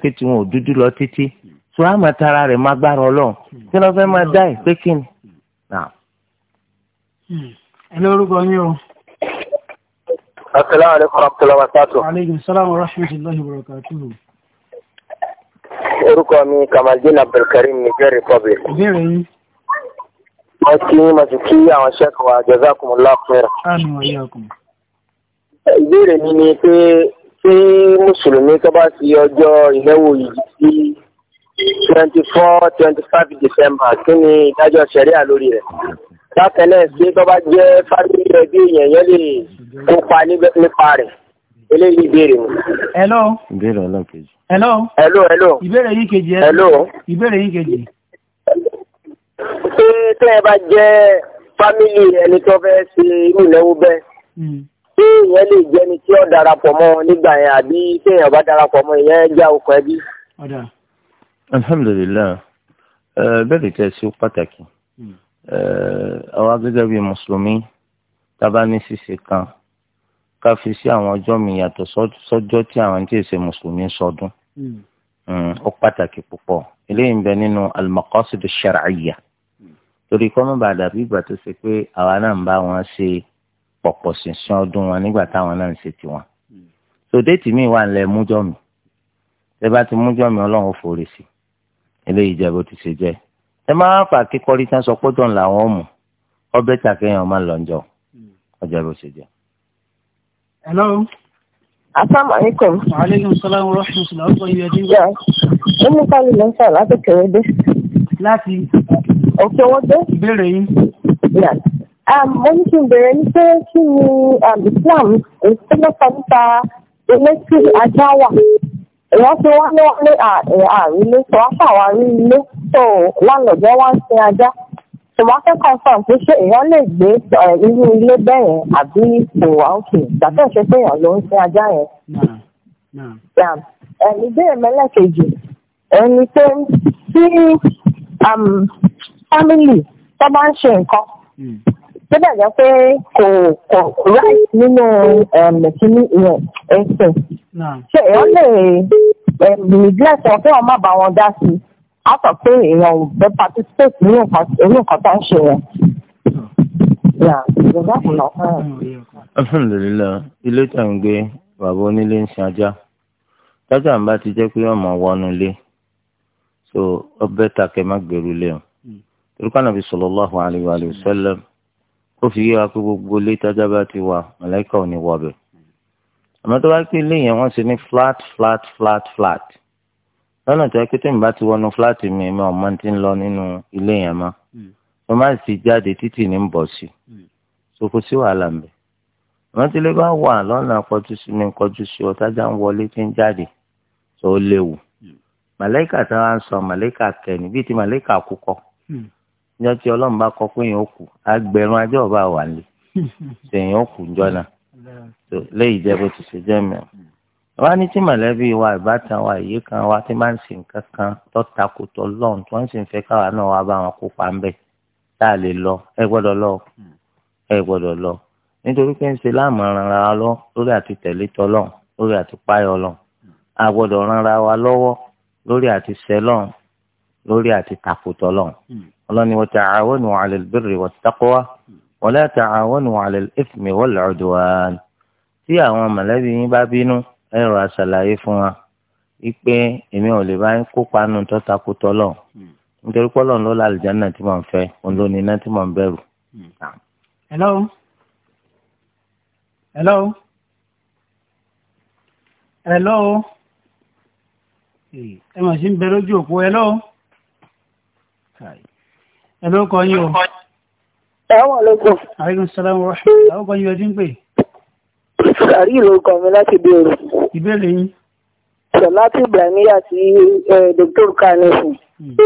kìtì so a máa tara rẹ̀ máa gbára ọlọ́run hmm. kí ló fẹ́ máa dá ẹ̀ hmm. pé kí ni. Hmm. ẹ lórúkọ yín o. asalaamu alaykum wa rahmatulahi wa barakatuh. aleykum salaam wa rahmatulahi wa barakatuh. orúkọ mi kamaldin abdulkareem niger republic. ìbéèrè yín. wọ́n kí wọ́n sì kí àwọn sẹ́kọ̀ọ́ wa jazakumullahu khairan. àmì wọ̀nyí ọkùnrin. ìbéèrè mi ni pé ṣé mùsùlùmí tó bá fi ọjọ́ ìnáwó yìí sí twenty four twenty five december kí ni ìdájọ́ sẹ̀ríà lórí rẹ̀ bákan náà ṣé tó bá jẹ́ fámìlì ẹbí èèyàn yẹn lè kópa nípa rẹ̀ eléyìí ìbéèrè o. hello. ìbéèrè ọlọ́kejì. hello. hello hello. ìbéèrè yìí kejì. hello. ìbéèrè yìí kejì. ṣé tẹ́ ẹ bá jẹ́ fámìlì ẹni tó fẹ́ ṣe irú ìnáwó bẹ́ẹ̀ hmm. ṣé ìyẹn lè jẹ́ni tí ó darapọ̀ mọ́ nígbà yẹn àbí téèyàn bá darapọ̀ mọ́ ìyẹn já okùn ẹbí alhamdulilayi bẹ́ẹ̀ tẹ́ sí pàtàkì hmm. àwa gẹ́gẹ́ bíi mùsùlùmí tábà ní ṣíṣe kan ká fi sí àwọn ọjọ́ mi yàtọ̀ sọ́jọ́ tí àwọn tí èsè mùsùlùmí sọdún hmm. Hmm, ó pàtàkì púpọ̀ eléyìí ń bẹ nínú al-maqasid ash-shar'iyya torí kọ́ mọ́ bàdà bí ìgbà tó ṣe pé àwa náà ń bá wọn ṣe pọ̀pọ̀ ṣìnṣìn ọdún wọn nígbà táwọn náà ń ṣe tiwọn. sòdéètì mi wà ń lẹ mújọ́ mi ẹ bá ti mújọ́ mi ọlọ́run forí sí i eléyìí jẹ́ bó ti ṣe jẹ́ ẹ máa fà kíkọrí tán sọ pọ́jọ́ ńlá wọn mú ọbẹ̀ tà kéèyàn máa lọ jọ ọjọ́ bó ṣe jẹ́. hello. asalaamualeykum. maaleykum salaam wa rahmatulah ọkọ iye ẹdín. yà ó mú káàlì lọ sọ láti kéré dé. láti. òkè wọn dé. ìbéèrè yín. yà um, mo ní kí n bèrè ní pé kí ni um, Islam ìsúnmọ́ta nípa ilé tí ajá wà èèyàn tí wọ́n lé lé àrílé tó wá ṣàwárí ilé tó lálọ́jọ́ wá sin ajá tó wá fún pé ṣé èèyàn lè gbé irú ilé bẹ́ẹ̀ yẹn àbí kò wá òkè ìgbàgbọ́ ṣe pé èèyàn ló ń sin ajá yẹn. ẹ̀mí bẹ́ẹ̀ mẹ́lẹ́kejì ẹni pé tí um, fámìlì tó bá ń ṣe nǹkan hmm. tó dàgbà pé kò kò ráì nínú um, ẹ̀sìn ṣé èèyàn lè neglect wọn kí wọn má bá wọn dá sí i á sọ pé èèyàn ò bẹ participate nínú nǹkan tó ń ṣe yẹn. alhamdulilayi ilé tá ń gbé bàbá onílé ń ṣajá tájà ń bá ti jẹ́ pé ọmọ wọnú ilé so ọbẹ̀ tàkẹ́ má gbèrú ilé o hmm. torípa nàbí sallallahu alayhi wa sallam ó fi yíra pé gbogbo ilé tájà bá ti wà màláíkà ò ní wọbẹ̀ àmọ́ tó bá pé ilé yẹn wọ́n ṣe ní flat flat flat flat lọ́nà tó yẹ pé tèmi bá ti wọnú flat mi mi ọ̀mọ́ ti ń lọ nínú ilé yẹn mọ́ hmm. mo máa sì jáde títì ní bọ̀ sí hmm. so kò sí wàhálà ń bẹ àmọ́ tí ilé bá wà lọ́nà kọjú sí mi kọjú sí ọ tájà ń wọlé tí ń jáde tó léwu hmm. màlẹ́kà tí wọ́n á sọ màlẹ́kà kẹ́ni bíi ti màlẹ́kà kú kọ́ níjọ́ tí ọlọ́run bá kọ pé èèyàn ó kú agbẹ̀rún ajé ọba wà lé ṣèyàn ó kú níjọ́ náà tó léyìí jẹ́ bó ti ṣe jẹ́ mẹ́rin. wá ní tí mọ̀lẹ́bí wa ìbátan wa èyí kan wa tí máa ń ṣe nǹkan kan tọ́takò tọ́ lọ́n tí wọ́n sì ń fẹ́ káwa náà wá bá wọn kópa ń bẹ̀ tá a lè lọ ẹ gbọ́dọ̀ lọ ẹ gbọ́dọ̀ lọ nítorí pé ń ṣe láàmú ara wa lọ lórí àti tẹ̀lé tọ́lọ́n lórí àti páyọ̀ lọ́n a gbọ́dọ̀ ran ara wa lọ́wọ́ lórí àti sẹ́lọ́n lórí àti tàkùtọ̀ lọ́n hmm. ọlọ́ni wa ta'awanu 'ala al-birri ولا تعاونوا على الإثم والعدوان. wal-'udwan ملذي àwọn mọ̀lẹ́bí yín bá bínú ẹ rọra ṣàlàyé fún wa wípé èmi ò lè bá hmm. ń kópa nù tó takò tọ́lọ̀ nítorí pọ́lọ̀ hello hello hello ẹ mà ṣì ń bẹ lójú òpó hello hello kọ́ yín o. Assalamu alaikum. Alaikum salam wa rahmatullahi. Àwọn kan yóò dín pè. Sàrí ìlú kan mi láti béèrè. Ìbéèrè yín. Sọ̀láti Ibrahim àti Dr. Kanefu. Hmm.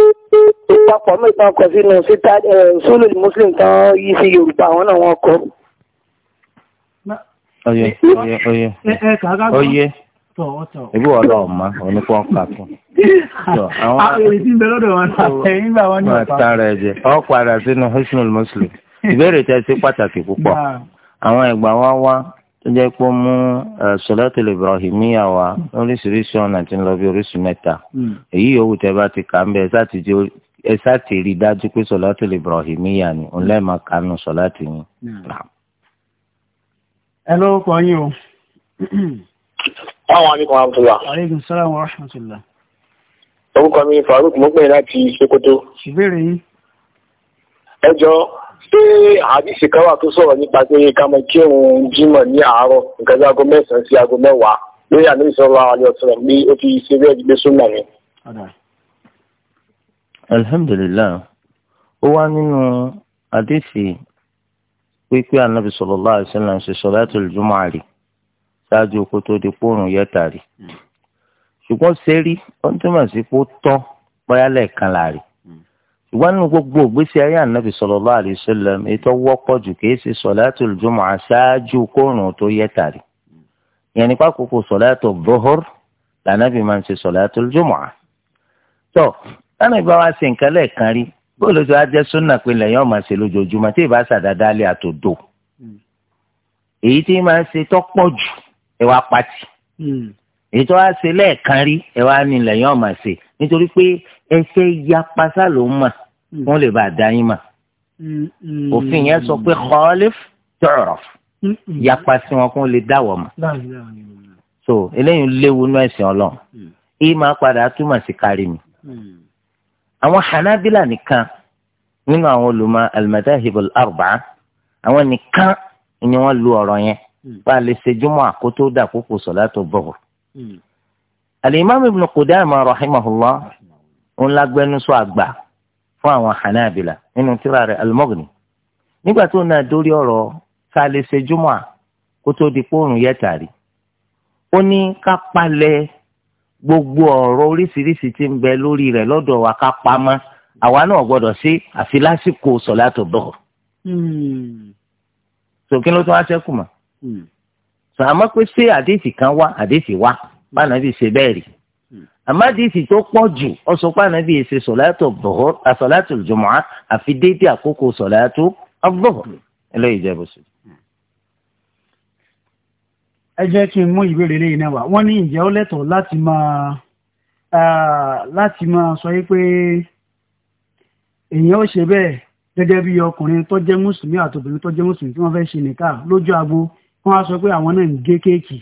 Ìpapọ̀ mẹ́ta kọ sínú Sulu Muslim tán yí sí Yorùbá àwọn náà wọ́n kọ. Ọyẹ, ọyẹ, ọyẹ. Ọyẹ. Ebi wọ́n lọ ọ̀ma, òní fún ọkọ̀ àtún. Àwọn ah, èrè tí ń bẹ lọ́dọ̀ wọn náà, ẹ̀yìn gbà wọ́n ní ọ̀pá. Wọ́n tara ẹ̀jẹ̀, ọ̀ padà sínú Hisnul Muslim ìbéèrè tẹ́ sí pàtàkì púpọ̀ àwọn ẹgbà wa wá tó jẹ́ pé mú sọlátìlì ibrahimiya wa oríṣiríṣi ọ̀nà tí ń lọ bí oríṣi mẹ́ta hmm. èyí yòówù tẹ́ bá ti kà ń bẹ ẹ sá ti rí i dájú pé sọlátìlì ibrahimiya ni òun lẹ́ẹ̀ máa kanu sọlátì yín. Hmm. ẹ ló yín o. báwọn alaikum abdullah. aleykum salaam wa rahmatullah. orúkọ mi Faruk mo pè láti Sokoto. ìbéèrè yín. ẹ jọ ṣé àdìsí kan wà tó sọ̀rọ̀ nípa pé ká mọ kí òun jímọ̀ ní àárọ̀ nǹkan láago mẹ́sàn-án sí aago mẹ́wàá lórí àná ìṣọ̀rọ̀ àlẹ́ ọ̀sọ̀rọ̀ pé ó fi ṣe bẹ́ẹ̀ gbé súnmà mi. alhamdulilayi ó wá nínú àdìsí pípé anabi sallallahu alaihi wasallam ṣe salatul jumu'ah rí ṣáájú kó tó di pòrùn yẹta rí ṣùgbọ́n ṣe rí ó ń túmọ̀ sí pé ó tọ́ báyálẹ̀ kan láàrin ṣùgbọ́n nínú gbogbo ògbésí ayé ànábì sallallahu alaihi wasallam ètò wọ́pọ̀ jù kìí ṣe solatul jumu'a àṣáájú kóòrùn tó yẹ tàrí ìyẹn nípa kókó solatu dhuhur lànàbì máa ń ṣe solatul jumu'a. tó lánàá ìbá wa ṣe nǹkan lẹ́ẹ̀kan rí bó ló ṣe wá jẹ́ súnà pé lẹ́yìn ọ̀ma ṣe lójoojúmọ́ tí ìbá ṣàdáadáa àtòdò hmm. nítorí pé ẹ fẹ́ yapa sálòmọ́ Hmm. wọ́n lè bá a dá yín mà hmm. òfin yẹn sọ pé hmm. khalif tu'raf yapa sí wọn kó lè dá wọ̀ mà so eléyìí léwu ní ẹ̀sìn ọlọ́run ìmọ̀ padà túmọ̀ sí kárí mi àwọn hanabila nìkan nínú àwọn olùmọ̀ al-madahib al-arba'a àwọn nìkan ni wọ́n lu ọ̀rọ̀ yẹn bá a lè ṣe jùmọ̀ àkótó dà kókò salatu dhuhr. al-imam ibn Qudama rahimahullah ń lágbẹ́nusọ àgbà fún àwọn hanabila nínú tíra rẹ̀ al nígbà tó náà dórí ọ̀rọ̀ ká lè ṣe júmọ̀ kó tó di pòrùn yẹ ó ní ká gbogbo ọ̀rọ̀ oríṣiríṣi ti ń bẹ lórí rẹ lọ́dọ̀ wa ká àwa náà sí àfi lásìkò hmm. ló tó wá sẹ́kù mọ́. Hmm. sọ àmọ́ pé ṣé àdéhìí kan wá àdéhìí wá bá ṣe bẹ́ẹ̀ rí. àmádìsí tó pọ̀ jù ó sọ pé ànábì èsè sọ̀láàtò bọ̀họ́ àsọ̀láàtò jùmọ̀á àfi déédéé àkókò sọ̀láàtò ọ̀bọ̀họ́ eléyìí jẹ́ bùsùn. ẹ jẹ́ kí n mú ìbéèrè lẹ́yìn náà wá wọ́n ní ìjẹ́ ó lẹ́tọ̀ọ́ láti máa láti máa sọ pé èèyàn ó ṣe bẹ́ẹ̀ gẹ́gẹ́ bí ọkùnrin tó jẹ́ mùsùlùmí àtòbìnrin tó jẹ́ mùsùlùmí tí wọ́n fẹ́ ṣe nìka lójú agbo wọ́n á sọ pé àwọn náà ń gé kéèkì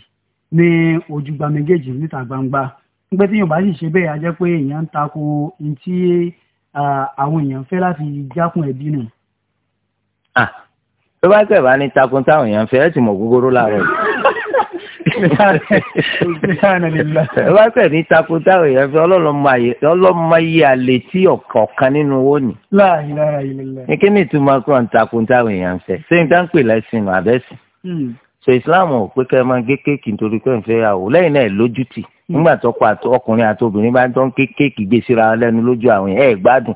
ní ojú gbàmégèjì níta gbangba pé tí yorùbá sì ṣe bẹ́ẹ̀ a jẹ́ pé èèyàn ń tako ní tí àwọn èèyàn fẹ́ láti jákun ẹbí nù. tó bá tẹ̀ bá ní takun táwọn èèyàn fẹ́ ẹ̀ sì mọ̀ gógóró láàárọ̀ ẹ bá tẹ̀ ní takun táwọn èèyàn fẹ́ ọlọ́mọ yìí àlè tí ọ̀kan nínú owó ni. ní kí ni ìtumọ̀ kúrò ní takun táwọn èèyàn fẹ́ ṣé n dáńpẹ̀ lẹ́sìn àbẹ́sìn. Hmm. so islam ò pé kẹ́ ẹ máa gé kéèkì nítorí pé ń fẹ́ yàwó lẹ́yìn náà lójútì nígbà tó kọ ọkùnrin àti obìnrin bá ń tán kéékèèké gbé síra lẹ́nu lójú àwọn yẹn ẹ̀ gbádùn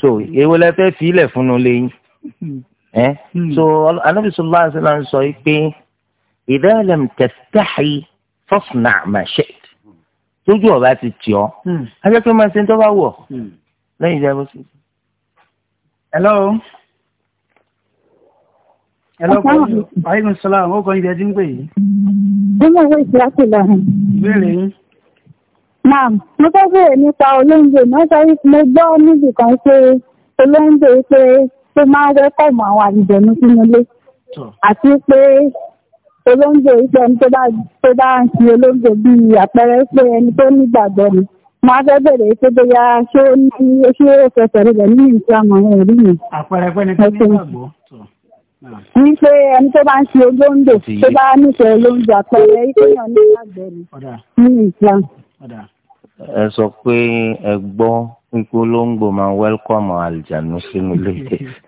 so èwo lẹ fẹ́ fi ilẹ̀ fún un lẹ́yìn ẹ so Ànábì sallallahu alaihi wasallam sọ pé idha lam tastahi fasna' ma shi'ta lójú ọba ti tì ọ hmm. ajẹ́ pé máa ṣe ń tọ́ bá wọ̀ hmm. lẹ́yìn ìjà bó ṣe. hello. hello. aleykum salaam ó kọ́ ibi ẹtí ń pè yìí. ó náà wọ́n ìṣe àpò láàrin ìbéèrè mo fẹ́ bèèrè nípa olóńgbò náà sọ mo gbọ́ níbì kan pé olóńgbò pé tó máa ń wẹ́kọ̀mù àwọn àlùjọ̀nú sínú ilé àti pé olóńgbò pé ẹni tó bá ń sin olóńgbò bíi àpẹẹrẹ pé ẹni tó nígbàgbọ́ ni mo fẹ́ bèèrè pé bóyá ṣé ó ní ṣé ó fẹsẹ̀ rẹ̀ ní ìtura mọ̀ ẹ̀rí mi. àpẹẹrẹ pé ẹni tó nígbàgbọ́ ní pé ẹni tó bá ń ṣe olóńdò tó bá nífẹ̀ẹ́ olóńdò àpẹẹrẹ ìpínyàn ní àgbẹ̀rẹ̀ ní ìgbà. ẹ sọ pé ẹ gbọ́ ìpolongo máa ń wẹ́lkọ̀mù àlìjánu sínú ilé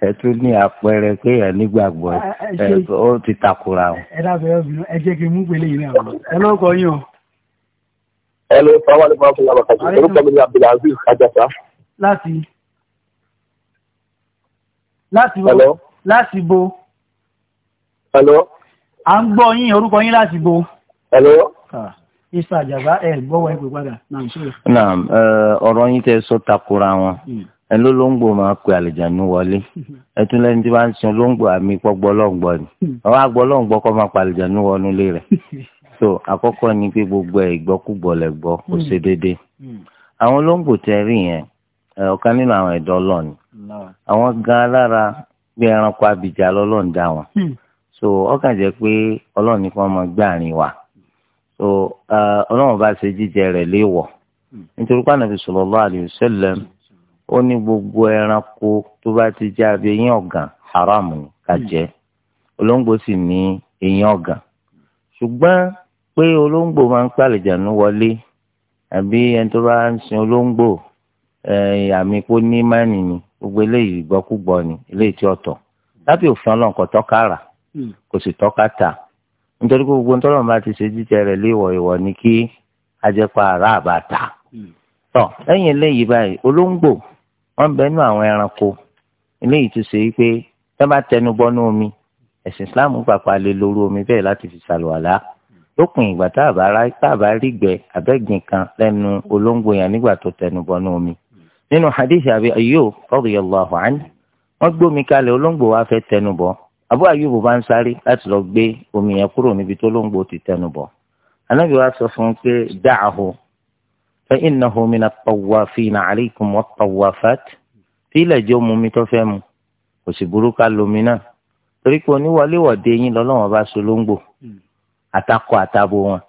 ẹ tún ní àpẹẹrẹ pé ẹ nígbàgbọ́ ẹ ó ti takora o. ẹ dábẹ́ ọ̀bìnrin ẹ jẹ́ kí n mú pélé yìí náà ẹ lọ́kọ̀ yín o. ẹ lọ sọ wà nípa fún yàrá kàtó orúkọ mi ni abdulaziz ajata. láti láti bo láti bo. Hello. À ń gbọ́ yín orúkọ yín láti bo. Hello. Isa Àjàgbá ẹ̀ gbọ́wọ́ ẹ̀ pè padà náà ṣe. Naam ọ̀rọ̀ yín tẹ́ sọ takora wọn. Hmm. Ẹ ló ló ń gbò máa pe àlìjánu wọlé. Ẹ tún lẹ́ni tí wọ́n ń sin ló ń gbò àmì pọ́gbọ́ lọ́ngbọ́ ni. Hmm. Àwọn àgbọ̀ kọ́ máa pa àlìjánu wọnú ilé rẹ̀. So àkọ́kọ́ ni pé gbogbo ẹ̀ ìgbọ́kúgbọ̀ lẹ̀ gbọ́ kò hmm. ṣe déédéé. Àwọn olóńgbò tẹ rí yẹn ọ̀kan nínú àwọn ẹ̀dọ́ lọ́ọ̀ni. Àwọn gan alára bí ẹranko abìjà lọ́lọ́ọ̀dá wọn so ọkàn jẹ́ pé ọlọ́run nìkan mọ gbàrin wa so ọlọ́run bá ṣe jíjẹ rẹ̀ léèwọ̀ nítorí pé ànábì sallallahu alayhi wa sallam ó ní gbogbo ẹranko tó bá ti jẹ abẹ eyín ọ̀gàn haram ni ká jẹ olóńgbò sì ní eyín ọ̀gàn ṣùgbọ́n pé olóńgbò máa ń pàlejànú wọlé àbí ẹni tó bá ń sin olóńgbò àmì kó ní mánì ni gbogbo eléyìí gbọ́kúgbọ́ ni eléyìí tí ọ̀tọ̀ lábẹ́ òfin ọlọ́run kò tọ́ka rà Hmm. kò sì tọ́ka tà nítorí pé gbogbo ntọ́lọ́mù bá ti ṣe jíjẹ rẹ̀ léèwọ̀ ìwọ̀ ni kí ajẹ́pá ara àbá tà. Hmm. tọ́ lẹ́yìn eléyìí báyìí olóńgbò wọ́n bẹ nú àwọn ẹranko eléyìí tó ṣe pé tẹ́ bá tẹnu bọ́nú omi ẹ̀sìn Islam pàpà lè lóru omi bẹ́ẹ̀ láti fi ṣàlùwàlá lópin ìgbà tá a bá rí abẹ́gbìn kan lẹ́nu olóńgbò yẹn nígbà tó tẹnu bọ́nú omi nínú hadith Abi Ayyub radiyallahu anhu wọ́n gbómi kalẹ̀ olóńgbò wa fẹ́ tẹnu bọ́ Abu Ayubu bá ń sáré láti lọ gbé omi yẹn kúrò níbi tó lóńgbò ti tẹnu bọ̀ anábì wa sọ fún un pé da'ahu fa innahu min at-tawafina alaykum wat-tawafat tí ilẹ̀ jẹ́ omi tó fẹ́ mu kò sì burú ká lomi náà torí pé oníwọléwọ̀de yín lọ́lọ́wọ́n bá so lóńgbò àtakọ àtabo wọn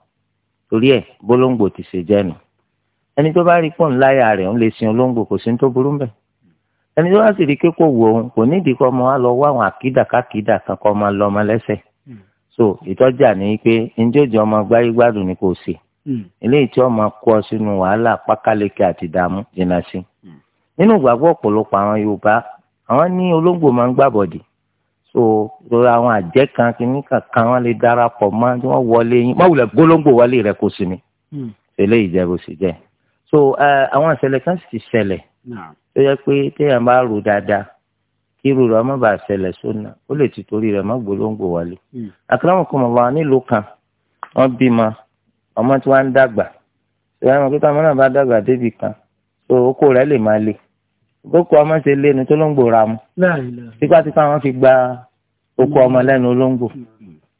torí ẹ̀ bólóńgbò ti ṣe jẹ́nu ẹni tó bá rí pọ̀ ńláyà rẹ̀ ń lè sin olóńgbò kò sí ní tó burú bẹ́ẹ̀ ẹni tó bá sì rí kéko wò ó kò nídìí kọ́ ọmọ wa lọ wá àwọn àkídàkàkídà kan kọ́ ọmọ lẹ́sẹ̀ hmm. so ìtọ́jà ní pé njẹ́jọ́ ọmọ gbáyé gbádùn ni kò sí hmm. eléyìí tí ọmọ kó ọ sínú wàhálà pákáleke àti ìdààmú jìnnà sí hmm. nínú ìgbàgbọ́ ọ̀pọ̀lọpọ̀ àwọn Yorùbá àwọn ní olóńgbò máa ń gbàbọ̀dì so lórí àwọn àjẹ́ kan kìíní kankan wọn lè darapọ̀ mọ́ tí wọ́n wọlé yín mọ́wùlẹ̀ gbólóńgbò wọlé rẹ̀ kó sí mi eléyìí jẹ́ bó sì jẹ́ so àwọn ìṣẹ̀lẹ̀ kan sì ti ṣẹlẹ̀ tó yẹ pé téèyàn bá rò dáadáa kí irú rẹ̀ ọmọ bá ṣẹlẹ̀ sóna ó lè ti torí rẹ̀ má gbólóńgbò wálé. Hmm. akramakumullah nílùú kan wọ́n bímọ ọmọ tí wọ́n ń dàgbà ìyá ọmọ kíkọ́ ọmọ náà bá dàgbà débi kan tó okó rẹ̀ lè máa le okó ọmọ ṣe lénu tó ló ń gbòòrà mu tipátipá wọn fi gba okó ọmọ lẹ́nu olóńgbò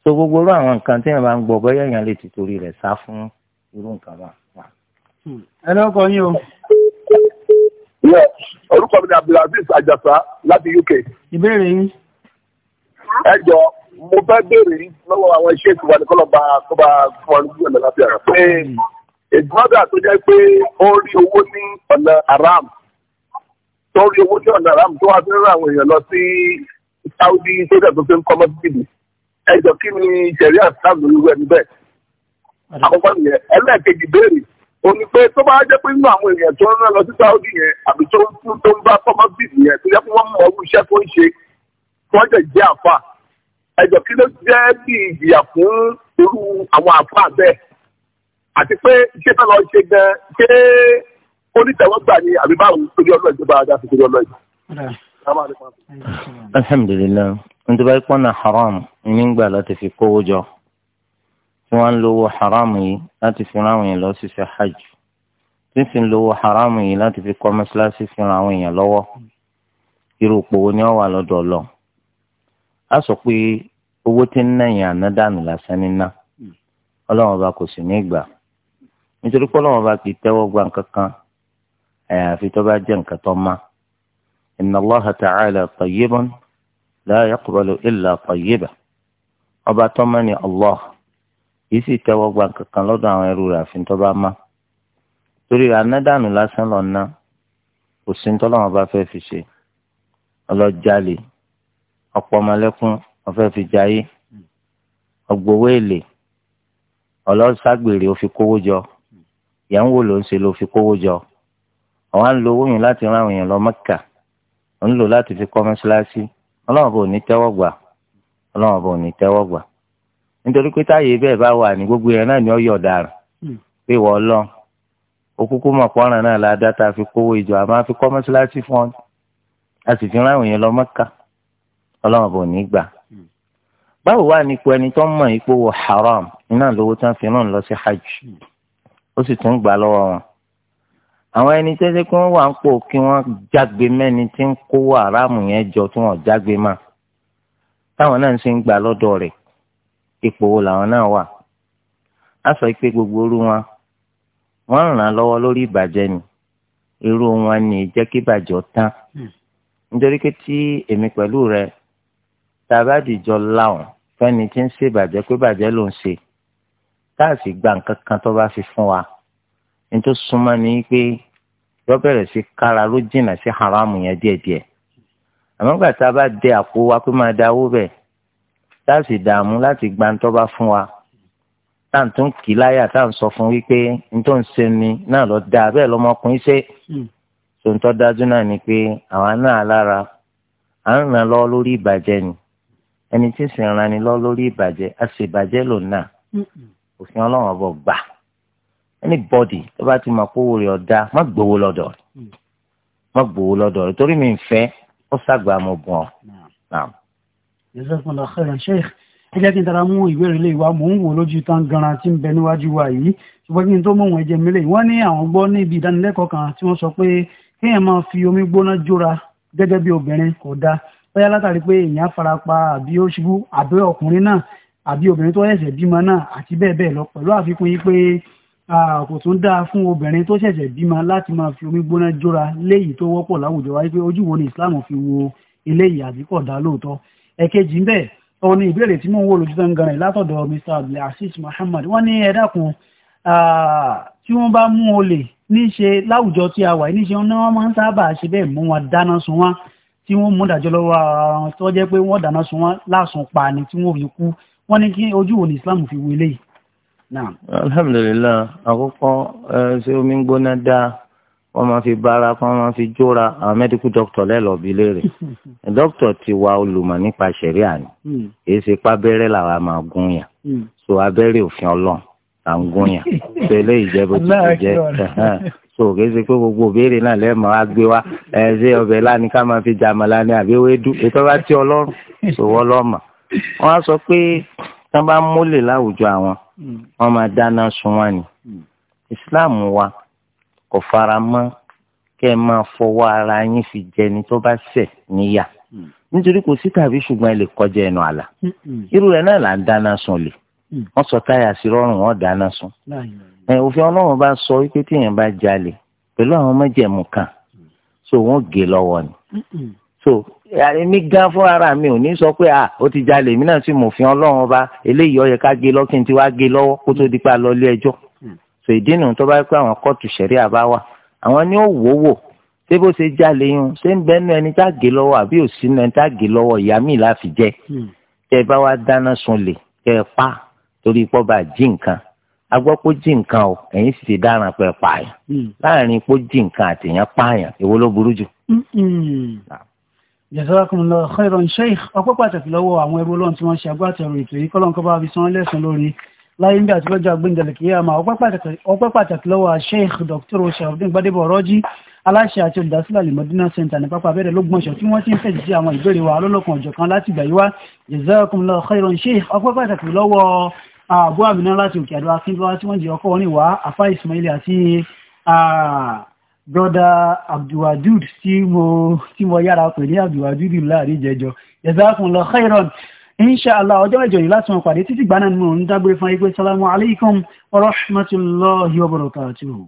tó gbogbo irú àwọn nǹkan tí èèyàn bá ń gbọ́ bọ́yá èèyàn lè ti torí rẹ̀ sá fún irú nǹkan wa. Hmm. ẹ lọ́kọ̀ yín o. Yes, orúkọ mi ni Abdulaziz Ajasa láti UK. Ìbéèrè yín. Ẹ jọ, mo fẹ́ béèrè lọ́wọ́ àwọn iṣẹ́ ìtura ní kọ́lọ́ba tó bá fún ọdún ọ̀nà láti ara. Pé ìgbọ́dọ̀ tó jẹ́ pé ó rí owó ní ọ̀nà Aram. Tó rí owó ní ọ̀nà Aram tó wá fi rán àwọn èèyàn lọ sí Saudi sójà tó fi ń kọ́ mọ́sídìdì. Ẹ jọ kí ni Ṣẹ̀rí Àṣà lórí ẹni bẹ́ẹ̀. Àkọ́kọ́ nìyẹn. Ẹlẹ́ẹ̀kejì béèrè òní pé tó bá jẹ́ pé nínú àwọn èèyàn tó ń rán lọ sí Saudi yẹn àbí tó ń fún tó ń bá pharmacy yẹn tó yẹ kí wọ́n mọ ọrú iṣẹ́ tó ń ṣe wọ́n jẹ̀ jẹ́ àfà ẹ̀jọ̀ kí ló jẹ́ bí ìjìyà fún irú àwọn àfà bẹ́ẹ̀ àti pé iṣẹ́ tó lọ ṣe gan ṣé onítẹ̀wọ́gbà ni àbí báwo torí ọlọ́ọ̀ tó bá dá sí torí ọlọ́ọ̀ yìí. alhamdulilayi n tó bá yẹ kó na haram nígbà láti fi kówó jọ tí wọ́n ń lówó haramu yìí láti fi rán àwọn èèyàn lọ sí ṣe hajj tí sì ń lówó haramu yìí láti fi kọ́ mọ́ṣáláṣí fi ràn àwọn èèyàn lọ́wọ́ irú òpó wo ni wọ́n wà lọ́dọ̀ lọ. a sọ pé owó tí ń ná yẹn àná dànù lásán níná ọlọ́run ọba kò sì ní gbà nítorí pé ọlọ́run ọba kì í tẹ́wọ́ gba nǹkan kan àyàfi tó bá jẹ́ nǹkan tó má inna Allaha ta'ala tayyibun la yaqbalu illa tayyiba ọba tó ni Allah kì í sì tẹ́wọ́ gba kankan lọ́dọ̀ àwọn ẹrú rẹ̀ àfi tó bá má torí anádànù lásán lọ ná kò sí ní tọ́lọ́wọ́n bá fẹ́ fi ṣe ọlọ́jàlè ọ̀pọ̀ ọmọlẹ́kún ọ̀fẹ́ fi jayé ọ̀gbowó èlé ọlọ́sàgbèrè ó fi kówó jọ ìyẹn wò ló ń ṣe ló fi kówó jọ àwọn ń lo owó yẹn láti rán àwọn èèyàn lọ Mẹ́kà ń lò láti fi kọ́ mọ́ṣáláṣí ọlọ́wọ́n bò ní tẹ́wọ́ gbà ọlọ́wọ́n bò ní tẹ́wọ́ gbà nítorí pé táyé bẹ́ẹ̀ bá wà ní gbogbo yẹn náà ni ó yọ̀ dàrú hmm. pé wọ́n lọ okúkú mọ̀ pọ́nrán náà la dá ta fi kówó ìjọ àmọ́ àfi kọ́ mọ́ṣáláṣí fún ọ a sì fi ráwọn yẹn lọ mọ́ka ọlọ́run bò ní gbà. Hmm. báwo wà nípò ẹni tó ń mọ̀ ipò wọ haram iná lówó tán fi ràn lọ sí hajj hmm. ó sì tún gbà lọ́wọ́ wọn. àwọn ẹni tẹ́tẹ́ kí wọ́n wà ń pò kí wọ́n jágbe mẹ́ni tí ń kówó haram yẹn jọ tí wọ́n jágbe mọ́ táwọn náà ń ṣe gbà lọ́dọ̀ rẹ̀ ipò wo làwọn náà wà á sọ pé gbogbo orú wọn wọn ràn án lọ́wọ́ lórí ìbàjẹ́ ni irú wọn ni jẹ́ kí ìbàjẹ́ tán hmm. nítorí pé tí èmi pẹ̀lú rẹ tá a bá dìjọ láwọn fẹ́ni tí ń ṣe ìbàjẹ́ pé ìbàjẹ́ ló ń ṣe gba nǹkan kan tó bá fi fún wa súnmọ́ ni pé yọ bẹ̀rẹ̀ sí kára ló jìnnà sí haramu yẹn díẹ̀díẹ̀ àmọ́ gbà tá a bá dé àpò táàsì dààmú láti gba ń tọ́ba fún wa tá à ń tún kì láyà tá à ń sọ fún wípé n tó ń ṣe ni náà lọ da bẹ́ẹ̀ lọ́mọkùnrin ṣe hmm. tó ń tọ́ dájú náà ni pé àwa náà lára à ń ràn lọ lórí ìbàjẹ́ ni ẹni tí sì ń ràn ni lọ lórí ìbàjẹ́ a sì ìbàjẹ́ lò náà hmm. òfin ọlọ́run ọ̀bọ̀ gbà anybody tó bá ti mọ̀ kówó rẹ̀ ọ̀dà má gbowó lọ́dọ̀ rẹ̀ hmm. má gbowó lọ́dọ̀ rẹ̀ torí mi ń fẹ́ ó ṣàgbà mo bùn ọ́ jazakallah khairan sheikh ẹ jẹ́ kí n tara mú ìbéèrè lè wá mò ń wò lójú tán ganan tí ń bẹ níwájú wa yìí ṣùgbọ́n kí n tó mọ̀ wọ́n ẹ̀jẹ̀ mílẹ̀ wọ́n ní àwọn gbọ́ níbi ìdánilẹ́kọ̀ọ́ kan tí wọ́n sọ pé kéèyàn máa fi omi gbóná jóra gẹ́gẹ́ bí obìnrin kò dáa bóyá látàrí pé èèyàn farapa àbí ó ṣubú àbí ọkùnrin náà àbí obìnrin tó ṣẹ̀ṣẹ̀ bímọ náà àti bẹ́ẹ̀ bẹ́ẹ̀ lọ pẹ̀lú àfikún yìí pé kò tún dáa fún obìnrin tó ṣẹ̀ṣẹ̀ bímọ láti máa fi omi gbóná jóra léyìí tó wọ́pọ̀ láwùjọ wáyé pé ojú wo ni Islam fi wo eléyìí àbí kò dáa lóòótọ́ ẹ̀kejì ń bẹ̀ òun ni ìbéèrè tí mò ń wò lójú ń gan rẹ̀ látọ̀dọ̀ Mr Abdulaziz Muhammad wọ́n ní ẹ dákun tí wọ́n bá mú olè níṣe láwùjọ tí a wà níṣe wọn ni wọ́n máa ń sábà ṣe bẹ́ẹ̀ mú wọn dáná sun wọn tí wọ́n mú dájọ́ lọ́wọ́ ara wọn tó jẹ́ pé wọ́n dáná sun wọn lásun pa ni tí wọ́n fi kú wọ́n ní kí ojú wo ni Islam fi wọlé yìí. alhamdulilayi àkọ́kọ́ ṣé omi ń gbóná wọ́n máa fi bára kí wọ́n máa fi jóra àwọn medical doctor lẹ́lọ́ọ̀bí léèrè doctor ti wa olùmọ̀ nípa ṣẹ̀ríà ni èyí hmm. ṣe pábẹ́rẹ́ làwa máa gún yàn hmm. so abẹ́rẹ́ òfin ọlọ́run à ń gún yàn so eléyìí jẹ́ bó ti ṣe jẹ́ so kì í ṣe pé gbogbo òbéèrè náà lẹ́ẹ̀mọ́ á gbé wá ẹ ṣe ọbẹ̀ láni ká máa fi jàmàlà ni àbí ewédú ètò bá ti ọlọ́run so wọ́n lọ́mọ̀ wọ́n á sọ pé tí wọ́n bá mólè láwùjọ àwọn hmm. wọ́n máa dáná sun wọn ni Islam wa kò fara mọ́ kẹ́ ẹ máa fọwọ́ ara yín fi jẹni tó bá ṣẹ̀ níyà hmm. nítorí kò sí tàbí ṣùgbọ́n ẹ lè kọjá ẹnu àlà hmm, hmm. irú rẹ̀ náà là ń dáná sun lè wọ́n sọ táyà sí rọrùn wọ́n dáná sun òfin ọlọ́run bá sọ wípé téèyàn bá jalè pẹ̀lú àwọn májẹ̀mú kan so wọ́n gé lọ́wọ́ ni so èmi gan fún ara mi ò ní sọ pé ah ó ti jalè èmi náà sì mọ̀ òfin ọlọ́run ọba eléyìí ó ká gé lọ́kìn tí wàá gé lọ́wọ́ kó tó di pa lọ ilé ẹjọ́ so ìdí nu tó bá pẹ́ àwọn kóòtù ṣẹ̀rí àbá wa àwọn ni ó wò wò ṣé bó ṣe jalè yun ṣé ń bẹ́nu ẹni tá gé lọ́wọ́ àbí ò sínú ẹni tá gé lọ́wọ́ ìyá mi là fi jẹ́ hmm. tẹ bá wa dáná sun lè kẹ ẹ pa torí pọ́ bá jí nǹkan a gbọ́ pé jí nǹkan o ẹ̀yin sì ti dáràn pé pààyàn hmm. láàrin pé jí nǹkan àtẹ̀yàn pààyàn èwo ló burú jù. Hmm. jazakumullahu khairan sheikh ọpẹ́ pàtàkì lọ́wọ́ àwọn ẹrú ọlọ́run tí wọ́n ṣe agbátẹrù ètò yìí kọ́lọ́nkọ́ láyé ń bí àti lọ́jọ́ àgbéǹdẹ̀lẹ̀ kìíyàmá ọpẹ́ pàtàkì lọ́wọ́ sheikh dr sharafdin gbadebo ọ̀rọ́jì aláṣẹ àti olùdásílẹ̀ alimọ̀dínà center ní pápá abẹ́rẹ́ lọ́gbọ̀nsẹ̀ tí wọ́n ti ń fẹ̀jì sí àwọn ìbéèrè wa alọ́lọ́kan ọ̀jọ̀ kan láti gbà yíwá jazakumullahu khairan sheikh ọpẹ́ pàtàkì lọ́wọ́ àbú àmìnà láti òkè àdó akíndọ́lá tí wọ́n jẹ́ ọkọ̀ orin wá afá ismaili àti broda abdulwadud tí mo yára pè ní abdulwadud láàrin jẹjọ jazakumullahu khairan inṣàlá ọjọ́ ìjọ yìí láti wọn pàdé títí gbaná nínú ń dágbére fún ẹgbẹ́ sálámù aláìkọ́m wa rahmatullahi wa barakatuhu